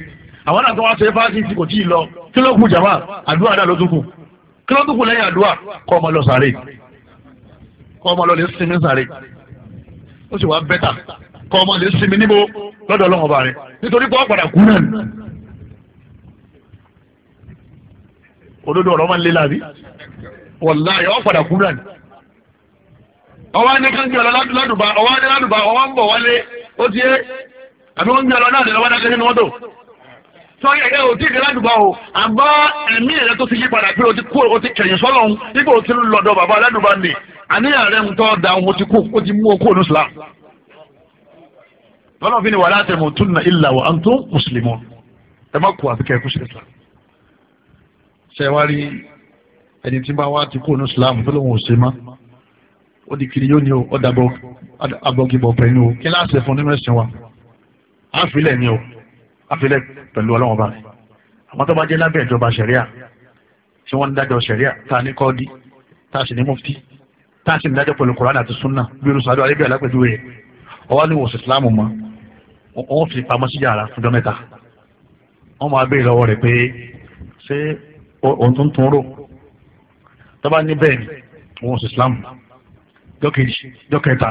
àwọn náà tó wá ṣe fásitì kò tíì lọ kí ló kù jàmá àdúrà náà ló tún kù kí ló tún kù lẹ́yìn àdúrà kọ́ ọmọ lọ sàré kọ́ ọmọ lọ lè sinmi sàré ó sì wá bẹ́tà kọ́ ọmọ lè sinmi níbo lọ́dọ̀ ọlọ́run ọba rẹ ọwọ́ ní kí n gbé ọlọ ládùbà ọwọ́ ní ládùbà ọwọ́ ń bọ̀ wálé ó ti yé àbí wọ́n ń gbé ọlọ náà lọ́wọ́ dákẹ́ nínú mọ́tò sọ́yẹ́ ẹ ò tí ì ládùbà o àbá ẹ̀mí ẹ̀rẹ́ tó ti yí padà pé o ti kú o ti kẹ̀yìn sọ́lọ́hún nígbà o ti lọ́dọ̀ bàbá ládùbà nì àníyàn rẹ̀ ń tọ́ da o ti kú o ti mú o kú o ní sùlá. lọ́nà fi ni wàhálà tẹ̀ mọ̀ tún nà ilà wà á tún mùsùlùmọ́ ẹ má kú àfi kẹ́kù sí ìsìlá. ṣé wàá rí ẹni tí bá wá ti kú ó di kiri yóò ní o ó dàbọ̀ abọ́gibọ̀ pẹ̀lú o kí láti fún nínú ẹ̀sìn wa àfilẹ̀ ni o àfilẹ̀ pẹ̀lú ọlọ́wọ́n ba rẹ̀ àwọn tó bá jẹ́ lábẹ́ ìjọba ṣẹ̀ríà tí wọ́n ń dájọ́ ṣẹ̀ríà tá a ní kọ́ọ́dí tá a sì ní mufti tá a sì ní dájọ́ pẹ̀lú Kùránì àti súnà bí olùsọ adó arábíà lápẹ̀jú rẹ̀ ọwọ́ ní wòsàn ìsìláàmù mọ́ wọ́n fi pamọ́ sí yàrá fúnjọ́ mẹ́ta wọ́n máa béèrè lọ́wọ́ rẹ̀ pé ṣé òun tó ń tún rò tó bá ní bẹ́ẹ̀ ni òun sì ìsìláàmù jọ́kejì jọ́kẹta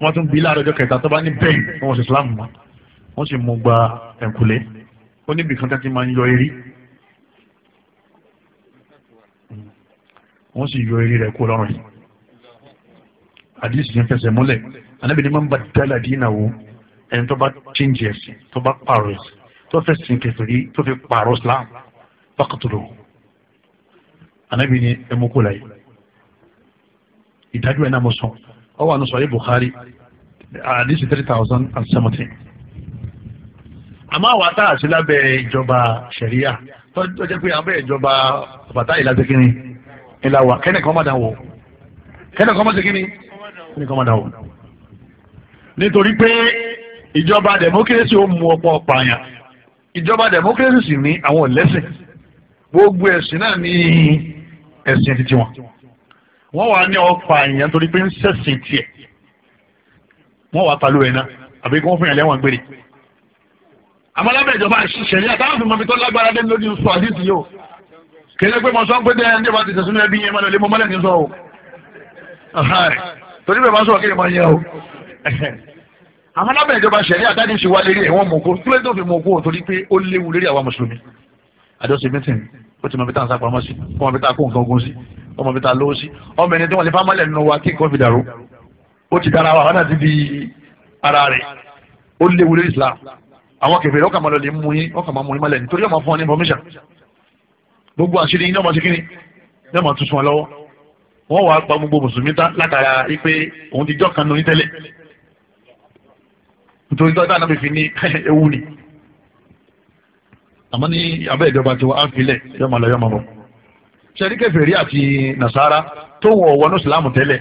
wọ́n tún bí láàárọ̀ jọ́kẹta tó bá ní bẹ́ẹ̀ wọ́n wọ́n sì islam mọ́ wọ́n sì mú gba ẹ̀kúlé ó níbi kan tẹ́tí máa ń yọ eré wọ́n sì yọ eré rẹ̀ kó lọ́rùn yìí àdìsí yẹn fẹsẹ̀ múlẹ̀ ànábì ní máa ń bá dálà dínà wo ẹni tó bá chíńjì ẹ̀sìn tó bá pààrọ̀ ẹ̀sìn tó fẹ́ sin kẹfìrí tó fi pààrọ̀ islam bákàtúrò ànábì ní ẹmú kó láyé ìdájọ́ ẹ̀ náà mo sọ ọ wà ní sọ̀rọ̀ Bukhari àdìsí three thousand and seventeen àmọ́ àwọn ata àti lábẹ́ ìjọba ṣẹ̀ríyà tó jẹ́ pé abẹ́ ìjọba bàtà ìlàjẹ́ kínní ìlà wà kẹ́nìkan má dàn wò kẹ́nìkan má ṣe kínní kẹ́nìkan má dàn wò. nítorí pé ìjọba democracy ó mú ọ̀pọ̀ pààyàn ìjọba democracy sì ní àwọn ẹlẹ́sìn gbogbo ẹ̀sìn náà ní ẹ̀sìn títí wọn wọ́n wà ní ọ̀fà èèyàn torí pé ń ṣẹ̀sìn tiẹ̀ wọ́n wà pàlú ẹ̀ náà àbí kí wọ́n fún yàn lẹ́wọ̀n gbére. àmọ́ lábẹ́ ìjọba àṣìṣe ní àtàwọn fún mọ́bí tó lágbára dé lórí oṣù àdìsí yìí o kì í ṣe pé mo sọ pé dé ẹni bá ti sẹ̀sùn ẹbí yẹn mọ́lẹ̀ mo mọ́lẹ̀ ní sọ o torí bẹ́ẹ̀ máa sọ kí ni mo yẹ o. àmọ́ lábẹ́ ìjọba ṣẹ̀rí àtàdé ṣe wá lérí ẹ̀ wọ́n mọ̀ kó tó lè tó fi mọ̀ kó torí pé ó léwu lérí àwa mùsùlùmí àjọṣe mẹ́tìn ó ti mọ̀ bí táwọn sápamọ́ sí ó mọ̀ bí táwọn kó nǹkan ogun sí ọmọ mi ta lówó sí ọmọ ẹni tí wọ́n lè fá mọ́lẹ̀ nínú wa kí nǹkan fi dàrú ó ti dára wa wọn náà ti di ara rẹ̀ ó léwu lórí Islam àwọn kẹfẹ́rẹ́ ọkà máa lọ lè mú yín ọkà máa mú yín mọ́lẹ̀ nítorí ọmọ fún ọ ní information gbogbo àṣírí yín ní ọmọ sí kínní ní ọmọ tuntun ọ lọ́wọ́ wọ́n wàá gba gbogbo mùsùlùmí látara ipe òun ti jọ́ kan lóyún tẹ́lẹ̀ nítorí dọ́tà náà fi ní ewu ni àmọ́ ní abẹ́ ìjọba tiwa á filẹ̀ yọmọ lọ yọmọ bọ̀ sẹ́rí kèfèrí àti nàṣàrà tó wọ̀ wọnú ìsìlámù tẹ́lẹ̀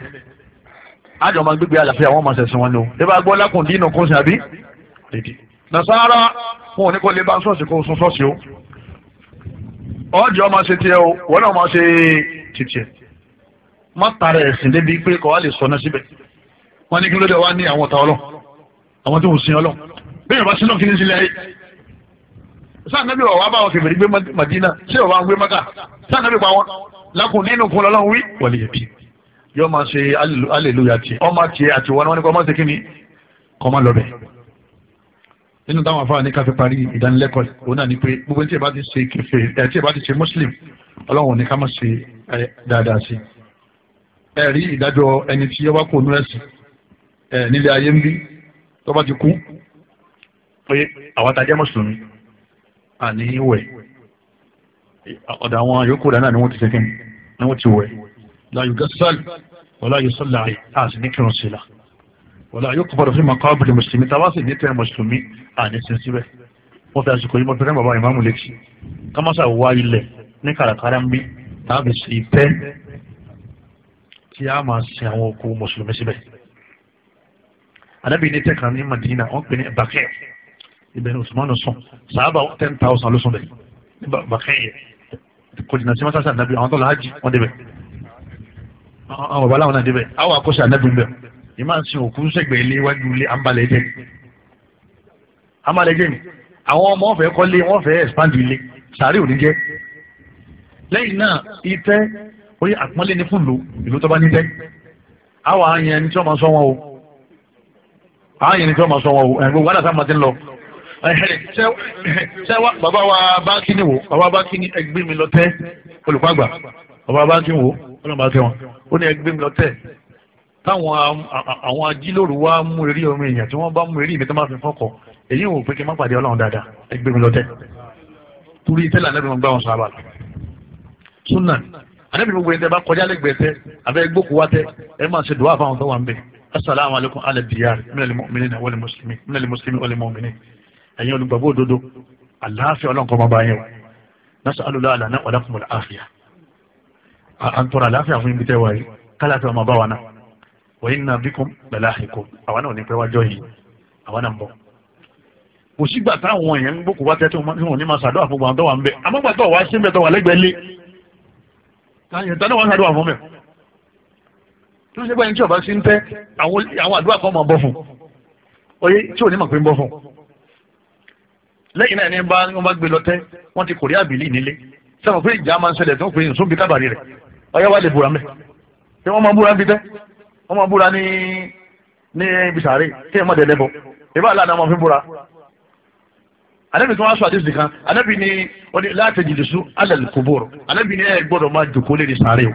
àjọ máa gbégbé àlàáfíà wọn máa ṣẹ̀sìn wọn ni o ẹ bá gbọ́ lákùn dínà kó sí àbí nàṣàrà wọn ò ní kó lè bá ṣọ́ọ̀ṣì kó sun ṣọ́ọ̀ṣì o ọjọ́ máa ṣe tiẹ̀ o wọn náà máa ṣe tìtìẹ̀ má tara ẹ̀sìn débi pé kọ́ wa lè sọ náà síbẹ̀ wọ́n ní kí ló dé wá ní àwọn ọ̀tá ọlọ́ àwọn tó ń sin ọlọ́ bí yorùbá sínú kí ní sílẹ̀ ayé sànàbí wà wà bá wọn madina ṣé wà wà ń maka sànàbí pa wọn lakùn nínú fún ọlọ́run wí wọlé yẹ bí yọ máa ṣe aleluya tiẹ ọmọ tiẹ àti wọn wọn ni kò máa ṣe kíni kò máa lọbẹ nínú táwọn afáàní ká fi parí ìdánilẹ́kọ̀ọ́ òun náà ni pé gbogbo tí ẹ bá ti ṣe kẹfẹ́ ẹ e tí ẹ bá ti ṣe muslim ọlọ́run ní ká má ṣe dáadáa sí ẹ e rí ìdájọ́ ẹni tí yọba kò nú ẹ̀sìn ẹ nílé ayé ń bí tó ti kú pé àwọn àtàjẹ́ mùsùlùmí àní wẹ̀ ọ̀dà àwọn yòókù rẹ̀ náà ni wọ́n ti sẹ́kìn ni wọ́n ti wẹ̀ láyò gásàlì wọ́lá yóò sọ́lá àti ní kírun sílá wọ́lá yóò kọ́ fọ́dọ̀ fún ìmọ̀ káwọ́ bìlì mùsùlùmí tá a bá sì ní tẹ́ mùsùlùmí àní sin síbẹ̀ wọ́n fi àsìkò yìí mọ́ fẹ́rẹ́ bàbá ìmáàmù lẹ́kì kámásà wá ilẹ̀ ní kàràkàrà ń bí tàbí sí ìpẹ́ tí a máa sin àwọn òkú mùsùlùmí síbẹ̀ adábìyí ní tẹ́kàn ní Madina wọ́n pè ní bakẹ́ẹ̀ ibẹ̀ ni usman sùn sàábà ten thousand ló sùn bẹ̀ bàkẹ́yẹ kò jìnnà sí masasa nàbí àwọn tó lọ hajj wọn débẹ̀ àwọn bàbá làwọn náà débẹ̀ àwọn àkọsí ànábì ń bẹ̀ yìí máa ń sin òkú sẹ́gbẹ̀ ilé iwájú ilé àǹbalẹ̀ jẹ́ àǹbalẹ̀ ni àwọn ọmọ wọn fẹ́ kọ́lé wọn fẹ́ expand ilé sàárè ò ní jẹ́ lẹ́yìn náà ìtẹ́ orí àpọ́nlé ní fúlù ìlú tó bá ní tẹ́ àwọn àyẹn ní tí wọ́n máa sọ wọn o àwọn àyẹn ní tí wọ́n máa sọ wọn o ẹ̀rọ wàhálà sáà máa ti ń lọ ṣẹ́wá bàbá wa báńkì ni wò bàbá báńkì ni ẹgbẹ́ mi lọ tẹ́ olùkọ́ àgbà bàbá báńkì wò ọlọ́run bá tẹ wọn ó ní ẹgbẹ́ mi lọ tẹ́ táwọn àwọn ajílòrò wa mú eré ọmọ èèyàn tí wọ́n bá mú eré mi tó máa fi fọ́kọ̀ èyí ò pé kí n má pàdé ọlọ́run dáadáa ẹgbẹ́ mi lọ tẹ́ torí tẹ́lẹ̀ anábì mo gbá wọn sábà lọ súnà anábì mo gbé tẹ bá kọjá lẹ́gbẹ̀ẹ́ tẹ abẹ́ gbókùú wa tẹ ẹ máa ṣe dùwà fáwọn tó wà ń bẹ̀ asalaamualeykum alẹ́ bìyà mílẹ̀ mọ́mìnì wọlé mùsùlùmí mílẹ̀ mùsùlùmí wọlé mọ́mìnì ẹ̀yin olùgbàgbọ́ òdodo àlàáfíà ọlọ́nkọ́ máa bá yẹn o nasalula alana ọ̀dàkùnmọ̀ àfíà à ń tọrọ àlàáfíà fún ibi tẹ́ wáyé kálàfíà máa bá wa náà wọ́n iná bíkún pẹ̀lú àhìkò àwa náà ní pẹ́ wájọ́ yìí àwa náà ń bọ̀. kò sígbà táwọn èèyàn ń gbókòó wá tẹ́tí wọn ní máa ṣàdúrà fún àdúrà fún lẹ́yìn náà ní bá wọ́n bá gbé lọ́tẹ́ wọ́n ti kòrí àbílí nílé sẹ́wọ̀n pé ìjà máa ń ṣẹlẹ̀ tó ń pè é sóbi kábàárì rẹ̀ ọyá wa lè búra mẹ́ ṣé wọ́n máa búra ń fi tẹ́ wọ́n máa búra ní ní ibi sàárè kí ẹ má dẹ̀ lẹ́bọ̀ ìbá àlànà máa fi búra. ànábì tí wọ́n á sọ àdéhùn kan ànábì ni láti jìdì sún alẹ́ kòbóró ànábì ni ẹ gbọ́dọ̀ máa jòkó lé ní sàárè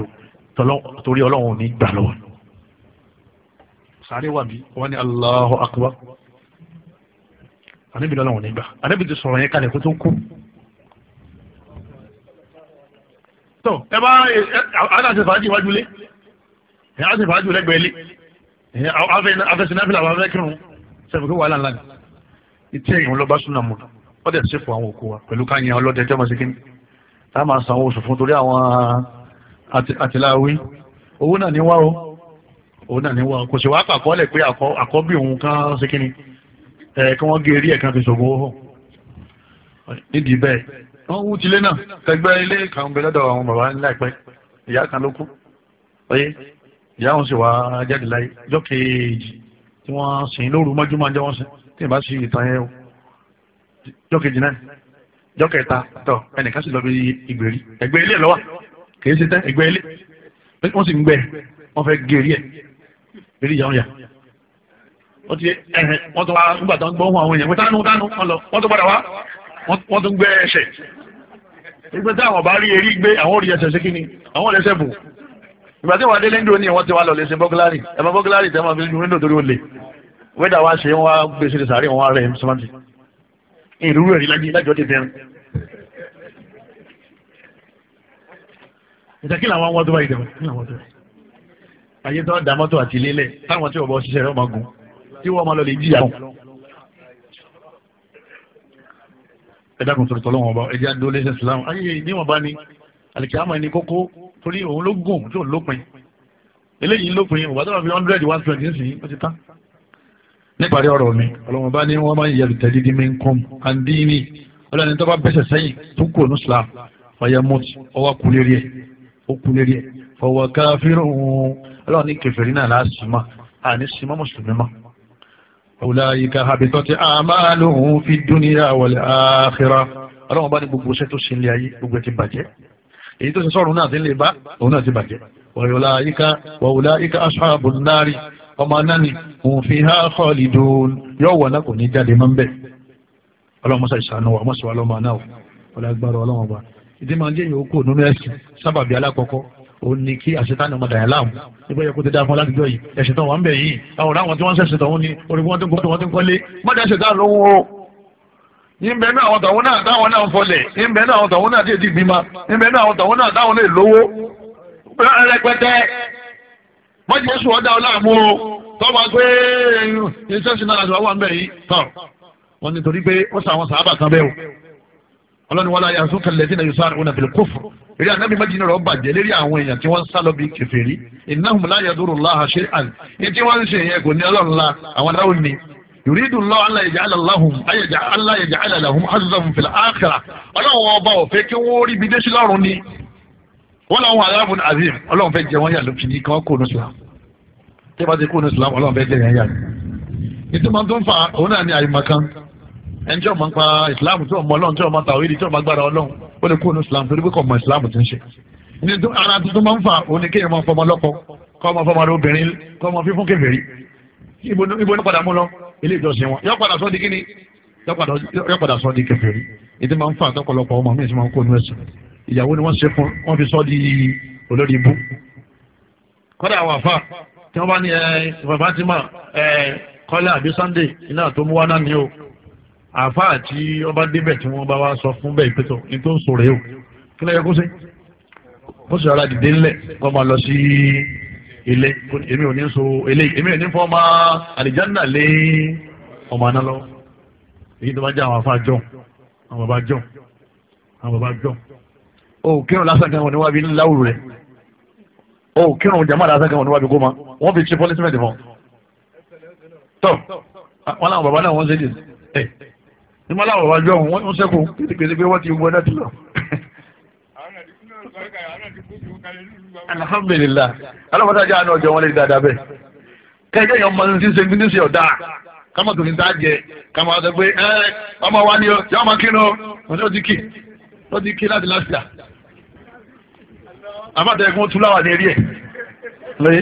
o wà torí ọlọ́run ní gbà lọ́wọ́ sáré wà bí wọ́n ní Allahu akbar àníbi lọ́lọ́run ní gbà àníbi ti sọ̀rọ̀ yẹn kalẹ̀ kó tó kú. tó ẹ bá aláṣẹ fàájì wájú lé ẹ aláṣẹ fàájì lẹ́gbẹ̀ẹ́ lé ẹ afẹsẹ̀náfìlà wà fẹ́ kírun sẹ́fìkú wàhálà ńlá ni ìtí ẹ̀yìn lọ́ba súnà mọ́ ọ́ dẹ̀ ṣe fún àwọn òkú wa pẹ̀lú káyìn ọlọ́dẹ tẹ́ mọ́ sí kíní táwọn máa sanwó oṣù fún torí àwọn àtìláwí owó náà ní wá o owó náà ní wá o kò sì wá pàkọ́lẹ̀ pé àkọ́bí òun kan ṣe kí ni ẹ̀ kí wọ́n gé eré ẹ̀ kan fi ṣògo hàn nídìí bẹ́ẹ̀ wọ́n wú tilé náà kẹgbẹ́ ilé kan bẹ lọ́dọ̀ àwọn bàbá ńlá ìpẹ́ ìyá kan ló kú ọyẹ ìyá wọn sì wá jáde láyé ọjọ́ kejì tí wọ́n sìn lóru mọ́júmọ́ ọjọ́ wọn sìn tí ìbá sì ìtàn yẹn o ọjọ́ kejì náà ọjọ́ kẹta tọ ẹnìkan sì lọ bí ìgbèrí ẹgbẹ́ ilé lọ́wọ́ kìí ṣe tán ẹgbẹ́ ilé wọ́n sì ń gbẹ wọ́n fẹ́ gèrí ẹ̀ gèrí ìyá wọn yà wọ́n ti ẹ̀hẹ̀ wọ́n tó wá nígbà tó ń gbọ́ ohun àwọn èèyàn pé tánú tánú wọ́n lọ wọ́n tó padà wá wọ́n tó ń gbẹ ẹsẹ̀ ìgbẹ́ tí àwọn bá rí erí gbé àwọn òrìyà ṣẹ̀ṣẹ̀ kí ni àwọn lẹ́sẹ̀ bù ìgbà tí wọ́n adé lẹ́ńdò ní wọ́n ti wá lọ lẹ́sẹ̀ bọ́gílárì ẹ̀mọ́ bọ́gílárì tẹ́ máa fi lu wíńdò torí olè wẹ́dà wá ṣe wọ́n gbèsè e sàárè wọn rẹ̀ sọ́mọ́tì ìrúwẹ̀rí lájọ́ ti fẹ́ràn ìjà kí làwọn wọ́n tó báyìí dẹ̀mọ́ kí làwọn tó báyìí. ayé tó ń da mọ́tò àti ilé lẹ̀ táwọn tí wọ́n bọ́ ṣiṣẹ́ rẹ̀ ọmọ gun tí wọ́n ma lọ lè jìyà wọn. ẹ dákun sọ̀rọ̀ tọ́lọ́ wọn bá ẹ jẹ́ àdó lẹ́sẹ̀ sùlámù ayé níwọ̀n bá ní àlìkàmà ní kókó torí òun ló gùn tí òun lópin eléyìí lópin òun bá fi hundred one twenty ń sìn ó ti tán. níparí ọ̀rọ̀ mi ọlọ́run bá ní wọ́n máa ń yẹ lùtẹ́lí dín mí ń kún àǹdí ní ọlọ́run tó bá bẹ́sẹ̀ sẹ́yìn tó kù ònú sùlám ọ̀yẹ́mọ́tì ọwọ́ kulé rí ẹ̀ ó kú lérí ẹ̀ fọwọ́ káfíìrì òun ọlọ́run ní kẹfẹ́rí náà láàṣì mọ́ àní sì mọ́ mùsùlùmí mọ́. ọ̀làyíká habitọ́tì àmàlùhùn fi dúnìyà wal akhirah ọlọ́run bá ní gbogbo iṣẹ́ tó ṣe ilé ayé gbogbo ẹ̀ ti bàjẹ́ èyí tó ṣe sọ́run náà ti lè bá òun náà ti bàjẹ́ ọ̀làyíká wọ̀làyíká ashabun nari ọmọ anáni òun fi há khalidun yóò wọ̀ náà kò ní jáde mọ́ ń bẹ̀ ọlọ́run mọ́sá ìṣàánú wa mọ́sá wa lọ́mọ ìdí máa ń jẹ́ ìyókù nínú ẹ̀sìn sábàbí alákọ̀ọ́kọ́ ó ní kí àṣetánì ọmọdé yà láàmú nígbà yẹ kó ti dá fún aládùúgbò yìí ẹ̀sìn tó wà ń bẹ̀ yìí àwọn ọ̀rọ̀ àwọn tí wọ́n ń ṣẹ̀ṣẹ̀ tọ̀hún ni orí wọn tó ń kọ́ tó ń kọ́lé mọ́tà ṣẹ̀dá lọ́wọ́ o ìbẹ̀ náà àwọn tọ̀hún náà táwọn náà ń fọlẹ̀ ìbẹ̀ náà àwọn tọ̀hún náà ti di gbìmọ̀ ìbẹ̀ náà àwọn tọ̀hún náà táwọn lè lówó rẹpẹtẹ wọ́n ti yẹ́sù ọ̀dà ọláàmú ọlọ́ni wàlá yà sókè lẹ́sìn náà yusuf àrùn àbẹ̀lẹ̀ kófò eré anábì méjìlá rọ̀ bàjẹ́ lérí àwọn èèyàn tí wọ́n ń sálọ bíi kèfèrí innahum la yadurullaha shay'an ní tí wọ́n ń ṣe yẹn kò ní ọlọ́run la àwọn aláwọ̀ ni yuridu lọ ala yaj'ala lahum ayẹjà ala yaj'ala lahum hazzan fil akhirah ọlọ́run ọba ọ̀fẹ́ kí wọ́n rí bídé sí lọ́run ni wọ́n làwọn aláàbùn azim ọlọ́run fẹ́ jẹ wọ́n yà lókì ní kan kóònù islam tí wọ́n ti kóònù islam ọlọ́run fẹ́ jẹ yẹn yà ní. ìtumọ̀ tó ń fa òun náà ni àyè ẹni tí ọmọ ń pa islam tí ọmọ ọlọ́run tí ọmọ tàwídì tí ọmọ agbára ọlọ́run ó lè kúrò ní islam torí pé kò mọ islam ti ń ṣe. ní ara tuntun máa ń fa òun ni kéèyàn máa fọmọ lọ́kọ kọ́ ọmọ fọmọ rẹ obìnrin kọ́ ọmọ fífún kèfèrí ibo ní padà mú lọ ilé ìjọsìn wọn yọ padà sọ di kíni yọ padà sọ di kèfèrí ìdí máa ń fa àtọkọlọpọ ọmọ mi ti máa ń kó nu ẹsẹ ìyàwó ni wọ́n ṣe fún wọ́n fi sọ di olórí ibú kọ́lá àbí sunday iná tó mú wá náà ní o àfáà tí wọ́n bá débẹ̀ tí wọ́n bá wá sọ fún bẹ́ẹ̀ pẹ́tọ́ ní tó ń o kí ló yẹ kó ṣe kó sọ ara dìde ńlẹ̀ kó máa lọ sí ilé èmi ò ní so eléyìí èmi ò ní fọ́ máa àlìjánà lé ọmọ aná lọ èyí tó bá jẹ́ àwọn àfáà jọ àwọn bàbá jọ àwọn bàbá jọ o kírun lásán kan wọn níwájú láwùrú rẹ o kírun jàmbá lásán kan wọn níwájú gómà wọn fi ṣe pọlísímẹ̀tì fún tọ́ wọn làwọn bàbá náà wọ́n ṣe dì ìmọ̀láwọ̀ wájú ọ̀hún wọ́n sẹ́kù kéde pé wọ́n ti wọ náà ti lọ. alhamdulilah alamọta jẹ àánú ọjọ́ wọn lè dáadáa bẹ́ẹ̀ kẹjọ yẹn ọmọ ní ṣe ní ṣe ọdá kama tòun ta jẹ kama sọ pé ẹ ọmọ wa ni ọ yọ ọmọ kí ni ọ wọn ni ó ti kì ó ti kì láti láti là àbátẹ ẹkún túláwà ní eré ẹ lóye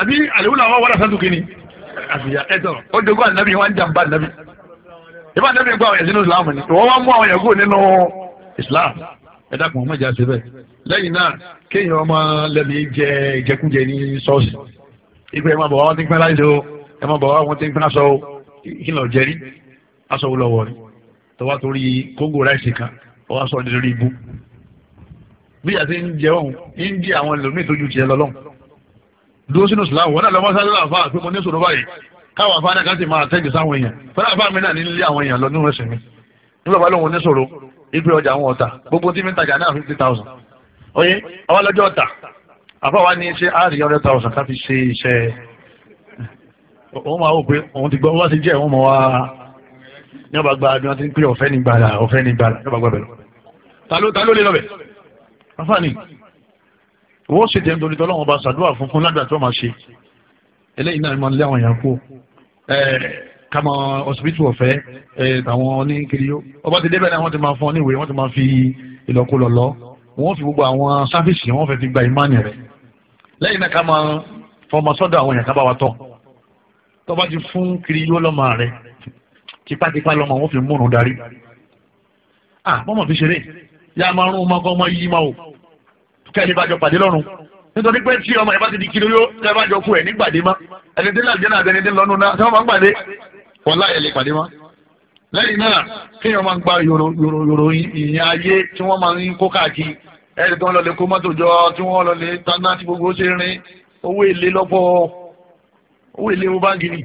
àbí àlewúlà wọn wọlé sátúkì ni àbíyá ẹtọ o dogo ànábì wọn ń jàmbá ànábì ìbá àti ẹbí ń gbọ́ àwọn yẹn islam ni ìwọ́n wá mú àwọn yẹn nínú islam ẹ dákun ọmọ ìjà ṣe bẹ́ẹ̀ lẹ́yìn náà kéèyàn ọmọ lẹ́mi jẹ ìjẹkújẹ ní ṣọ́ọ̀ṣì ìgbà ẹ máa bọ̀ wá wọn ti ń pẹ́ láìsọ ẹ máa bọ̀ wá wọn ti ń pẹ́ aṣọ kí lọ jẹrí aṣọ wò lọ́wọ́ rí tọ́wá torí kóńgò ráìsì kan ọwọ́ aṣọ nítorí ibú bí àti ń jẹ ọ̀hún ń jẹ àwọn ẹlòmíì tójú tiẹ̀ lọ́lọ́hún káwọn afá náà ká sì máa tẹ́jú sáwọn èèyàn fẹ́rẹ́ afá mi náà nílé àwọn èèyàn lọ nínú ẹ̀sìn mi nígbà bá lóun oníṣòro ibi ọjà àwọn ọ̀tà gbogbo tí mi ń tajà náà fifty thousand oye àwọn ọlọ́jọ́ ọ̀tà afá wa ní ṣe àárí hundred thousand ká fi ṣe iṣẹ́ òun máa wò pé òun ti gbọ́ wá sí jẹ́ òun mọ̀ wá ní ọba gba bí wọ́n ti ń pè ọ̀fẹ́ ní gbàrà ọ̀fẹ́ ní gbàrà ní ọba gba bẹ̀rẹ̀ ta eléyìí náà máa ń àwọn èèyàn kú kama hospital ọ̀fẹ́ tàwọn oníkiri ọba ti débẹ̀ náà wọ́n ti máa fún ọ níwèé wọ́n ti máa fi ìlọ́kulọ̀ lọ wọ́n fi gbogbo àwọn sáfíìsì wọ́n fẹ́ fi gba ìmánì rẹ̀ lẹ́yìn náà ká máa fọmọ sọ́dọ̀ àwọn èèyàn kábàá wa tọ̀ tọ́ba ti fún kiri yóò lọ́mọ rẹ̀ tipátipá lọ́mọ wọ́n fi múnú darí ah mọ́mọ́ fi ṣeré yá máa rún ọmọ kọ́ ọmọ yìí máa o kẹ́ni bá jọ pàdé lọ́rùn nítorí pé tí ọmọ ìbá ti di kiri yó tẹ bá jọ fún ẹ nígbàdé má ẹni tí láti jẹ́nà àtẹni tí ń lọ́nu náà tí wọ́n máa ń gbàdé wọ́n láyẹ̀ lè pàdé má. lẹ́yìn náà kéèyàn máa ń gba yòrò ìyẹn ayé tí wọ́n máa ń kó káàkiri ẹni tí wọ́n lọ lè kó mọ́tò jọ tí wọ́n lọ lè tanná tí gbogbo ṣe rin owó èlé lọ́pọ̀ owó èlé owó báńkì ni.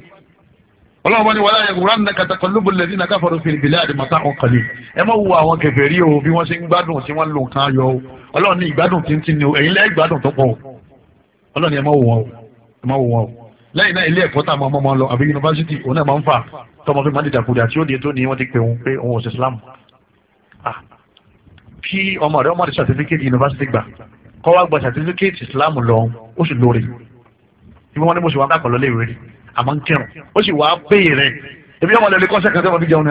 ọlọ́run bá ní wàhálà yẹn kúrán náà katakọ̀ lóbo lẹ́sí náà káfọ́rọ́ fèrè fèrè àdìmọ́tà ọ̀kan ni ẹ má wo àwọn kèfèrí o bí wọ́n ṣe ń gbádùn tí wọ́n lò nǹkan ayọ̀ o ọlọ́run ní ìgbádùn tíntín ni o ẹ̀yin lẹ́yìn ìgbádùn tó pọ̀ o ọlọ́run ni ẹ má wò wọ́n o ẹ má wò wọ́n o lẹ́yìn náà ilé ẹ̀kọ́ tá a máa mọ́ ọmọ lọ àbí yunifásitì òun náà máa ń fà tọmọ fi máa ń dìdàkudà tí ó di wọ́n ti pè òun pé òun ò sí Islam kí ọmọ rẹ ọmọ rẹ certificate yunifásitì gbà kọ́ wá gba certificate Islam lọ ó sì lóore ibi wọn ni mo sì wá kàkọ́ lọ léèrè àmọ́ ń kírun ó sì wá béèrè ebi ọmọ rẹ lè kọ́ sẹ́kẹ̀tẹ́ ọmọ fi jẹun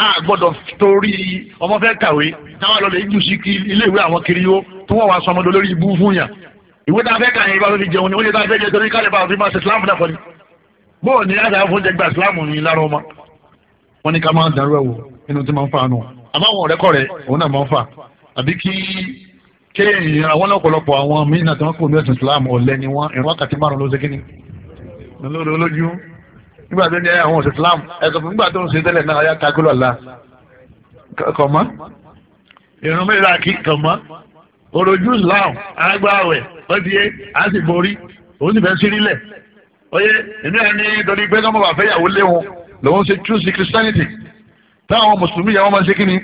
a gbọ́dọ̀ torí ọmọ fẹ́ kàwé táwọn lọ lè jù sí iléèwé àwọn kiri yó tó wọ́n wá sọ ọmọdé lórí ibú fún yàn ìwé tá a fẹ́ kà yẹn bá lórí jẹun ni oúnjẹ tá a fẹ́ jẹ torí kálí bá a fi máa ṣe sílámù náà fọ́ ni bóò ní àṣà fún jẹ gba sílámù ni lára ọmọ wọn ni ká máa dàrú ẹwò inú tí máa ń fa àánú àmọ́ àwọn ọ̀rẹ́kọ̀ rẹ̀ òun náà máa ń fa àbí kí kéèyàn àwọn ọ̀pọ̀lọpọ̀ àwọn míín náà tí wọ́n kò ní ẹ̀sìn sílámù ọ̀lẹ ni wọ́n ìrún wákàtí márùn-ún ló ṣe kíni lọ́lọ́lọ́lọ́jú nígbà tó ní àwọn òsè Islam ẹ̀sọ̀ fún nígbà tó ń ṣe tẹ́lẹ̀ náà ọ̀yá kakúlọ̀ la kọ̀mọ́ ìrún mẹ́ta kí kọ̀mọ́ orojú Islam agbáwẹ̀ ọdíyẹ á sì borí òun sì fẹ́ sírílẹ̀ oyè èmi ẹni torí pé kọ́mọ́ bàfẹ́ ìyàwó léwọn lòun ṣe tú sí Christianity táwọn mùsùlùmí yà wọ́n máa ṣe kí ni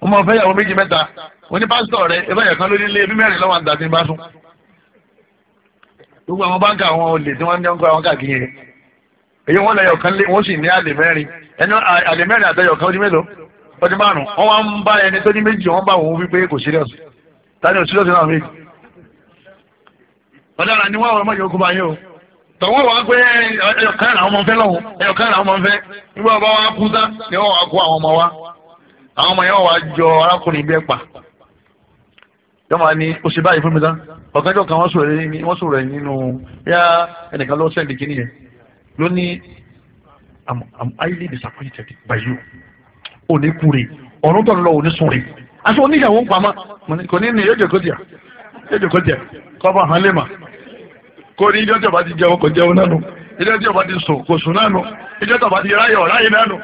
wọ́n máa fẹ́ ìyàwó méjì mẹ́ta wọ́n ní pásítọ̀ rẹ ẹgbẹ́ ìyàkan lórí ilé ẹbí mẹ́rin lọ́wọ́ àǹdà tí ń bá sùn gbogbo àwọn báńkì àwọn olè tí wọ́n ń dẹ́kun àwọn káàkiri yẹn èyí wọ́n lẹ́yọ̀ kan lé wọ́n sì ní àlè mẹ́rin ẹni àlè mẹ́rin àtẹ̀yọ̀ kan ó di mélòó ó di márùn wọ́n wá ń bá ẹni tó ní méjì wọ́n bá òun wípé kò serious tani ò serious náà méjì ọ̀daràn ni wọ́n wọ́n mọ̀jọ́ kó bá yín o tọ̀wọ́ wá pé ẹyọ̀ kan làwọn ọmọ fẹ́ lọ́hùn ẹyọ̀ kan làwọn ọmọ fẹ́ nígbà wọn bá wá kú tán ni wọ́n wá kó àwọn ọmọ wa àwọn ọmọ yẹn wà jọ arákùnrin bẹ́ẹ̀ pa yọ máa ní oṣù báyìí fún mi tán ọ̀kanjọ́ kan wọ́n sọ̀rọ̀ ẹ̀yìn nínú yá ẹnìkan ló sẹ́ndì kínní yẹn ló i'm i'm highly disappointed by you òní kúre ọ̀run tó ń lọ òní sunre aṣọ oníyàwó ń pamọ́ kò ní ní yóò jẹ́ kó jẹ́ yóò jẹ́ kó jẹ́ kọ́ bá hàn lè mà kó ní ìjọ́ tí o bá ti jẹun kò jẹun nánu ìjọ́ tí o bá ti sùn kò sùn nánu ìjọ́ tí o bá ti ráyọ̀ ráyè nánu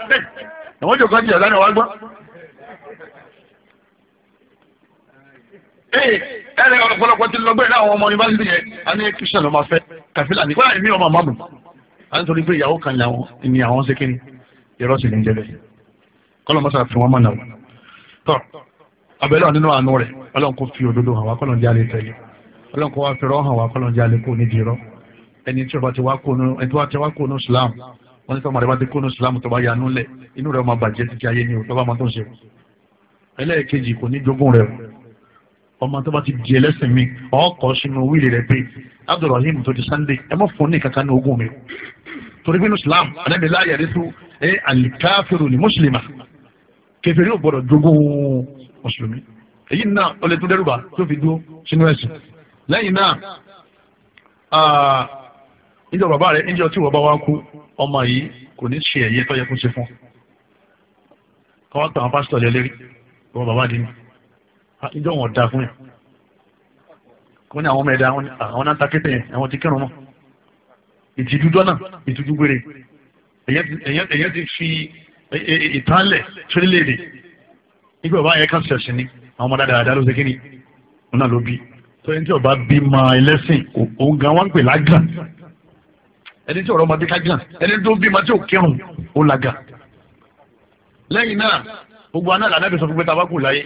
àwọn jòkó jẹ́ ìyàlá ni gbọ́. ee ẹ̀rẹ̀ ọ̀pọ̀lọpọ̀ ti lọ gbé láwọn ọmọ yunifásitì yẹn a ní kristian ló máa fẹ́ kàfílà ní kó láì ọmọ àmàmù à ah, ń ìyàwó kan ni àwọn ṣe kíni irọ́ sì ní jẹ́bẹ̀ kọ́lọ̀ mọ́sá fi wọ́n mọ̀nà tọ́ abẹ́lẹ́ nínú àánú rẹ̀ ọlọ́run kò fi òdodo hàn wá kọ́lọ̀ jẹ́ alẹ́ tẹ̀lé ọlọ́run kò wá fi rọ́ hàn wá kọ́lọ̀ jẹ́ alẹ́ kó nídìí irọ́ ẹni tí ọba ti wá kó nù Islam wọ́n ní fẹ́ màdé bá ti kó Islam tó bá ya nú lẹ̀ inú rẹ̀ máa bàjẹ́ títí ayé ni òtọ́ bá máa tó ń ṣe ẹlẹ́ẹ̀kejì kò ní jogún rẹ̀ ọmọ tó bá ti di ẹlẹ́sìn mi ọkọ̀ sínú wíìlì rẹ̀ pé Abdulrahim tó ti Sunday ẹ mọ̀ fún ní kankan ní ogún mi torí islam anabi láàyè rẹ tó ẹ alikafiru ni Muslima kefiri o gbọdọ̀ jogún mùsùlùmí èyí náà ó lè tún dẹ́rùbà tó fi dúró sínú ẹ̀sìn lẹ́yìn náà níjọ bàbá rẹ níjọ tí wọ́n bá wá kú ọmọ yìí kò ní ṣe ẹ̀yẹ tó yẹ kó ṣe fún káwọn tàwọn pásítọ̀ lé lérí wọn bàbá dín níjọ wọn dá fún yẹn wọn ní àwọn ọmọ ẹ̀dá àwọn náà ta kété yẹn àwọn ti kírun náà ìtìjú dọ́nà ìtìjú gbére èyàn ti fi ìtànlẹ̀ sórílẹ̀-èdè nígbà bàbá yẹn kan ṣẹ̀ṣin ni àwọn ọmọ dáadáa ló ṣe kí ni wọn náà ló bí tọ́yìn tí ọba bí ma ẹlẹ́sìn òun gan wọn ń pè lágàn ẹni tí ọ̀rọ̀ ọmọdé kágàn ẹni tó bí ma tí ò kírun ó làgàn lẹ́yìn náà gbogbo aná làná bí sọ fún pé tá a bá kù láyé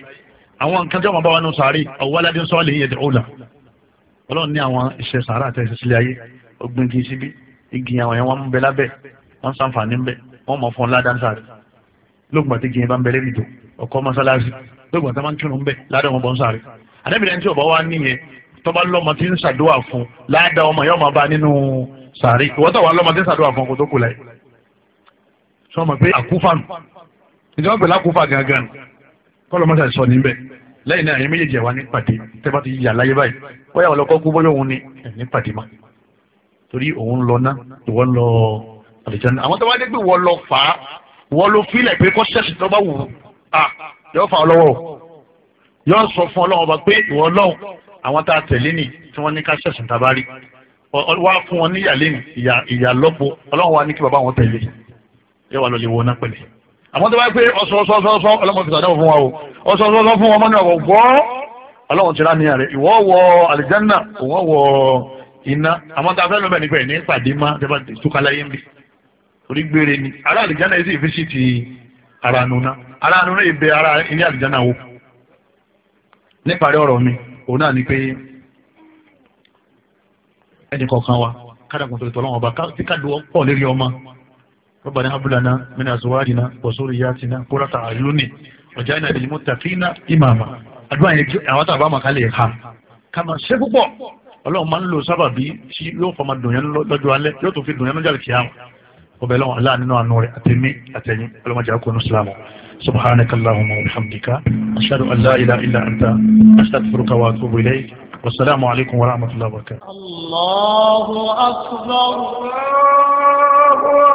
àwọn nǹkan tí wọn bá wà nù sàárè ọ̀wọ́ aládé sọ́ọ̀lì yẹn ti ọ̀là ọlọ́run ní àwọn iṣẹ́ sàárà àti ẹ̀sìn sílé ayé ogun ti síbi igi àwọn yẹn wọn ń bẹ lábẹ́ wọn sànfàní ń bẹ wọn mọ fún ládàánsá rẹ lóògùn àti gìyẹn bá ń bẹ lẹ́bi tó ọkọ mọ́sálásí lóògùn àti máa ń kírun ń bẹ ládàá wọn bọ́ ń sáré àdébìrẹ́ tí ọba wa níyẹn tọ́ba lọ́mọ tí ń ṣàdúrà fún ládàá ọmọ yóò máa bá nínú sáré ìwọ́n tọ́ba lọ́mọ tí ń ṣàdúrà fún kò tó kù láyé sọ ma pé àkúfà ìjọba pẹ̀lú àkúfà gangan kọ́lọ́ mọ́sálásí sọ níbẹ̀ lẹ́yìn náà ẹ̀yin méjèèjì àwa ní pàdé tẹ́ bá ti yà láyé báyìí bóyá ọ̀lọ́kọ́ kú bóyá òun ni ẹ̀ torí òun lọ ná ìwọ lọ àlùjánnà àwọn tó wá dé pé wọ́n lọ fà á wọ́n ló filẹ̀ pé kó ṣẹ̀ṣì tó bá wù ú à yóò fà ọ́ lọ́wọ́ yóò sọ fún ọlọ́run ọba pé ìwọ ọlọ́run àwọn tá a tẹ̀lé nì tí wọ́n ní ká ṣẹ̀ṣì tá a bá rí wá fún wọn ní ìyàlẹ́ nì ìyà lọ́pọ̀ ọlọ́run wa ní kí bàbá wọn tẹ̀lé yóò wà lọ́lẹ̀ wọná pẹ̀lẹ́ àmọ́ tó bá pé ọ̀sọ̀ọ̀sọ̀ọ̀sọ̀ ọlọ́run fi sàdáwò fún wa o ọ̀sọ̀ọ̀sọ̀ọ̀sọ̀ fún wọn mọ́ ní ọ̀wọ̀ gbọ́ ọlọ́run ti rá ní àrẹ ìwọ́ wọ àlìjánná òun wọ iná àmọ́ tá a fẹ́ lọ́bẹ̀ nípa ẹ̀ ní pàdé má tẹ́fà túkàláyé ń bì gbére ni ará àlìjáná yìí sì fi ti ara nuna ara nuna yìí bẹ ara ilé àlìjáná wò níparí ọ̀rọ̀ mi òun náà ni pé ẹnì kọ̀ọ̀kan wa ọba tí pọ̀ ọmọ àdúrà yẹn àwọn ká ka ká máa ṣe ọlọ́run máa ń lo sábàbí tí yóò fọmọ dùnyẹn lọ́jọ́ alẹ́ yóò tún fi dùnyẹn lọ́jọ́ àlùkìyà ọbẹ̀ lọ́wọ́ aláà nínú àánú rẹ̀ àtẹ̀mí àtẹ̀yìn ọlọ́mọdé akọni islam subhanaka allahumma wa bihamdika ashhadu an la ilaha illa anta astaghfiruka wa atubu ilayk wasalaamu alaykum wa rahmatullahi wa barakatuh. allahu akbar.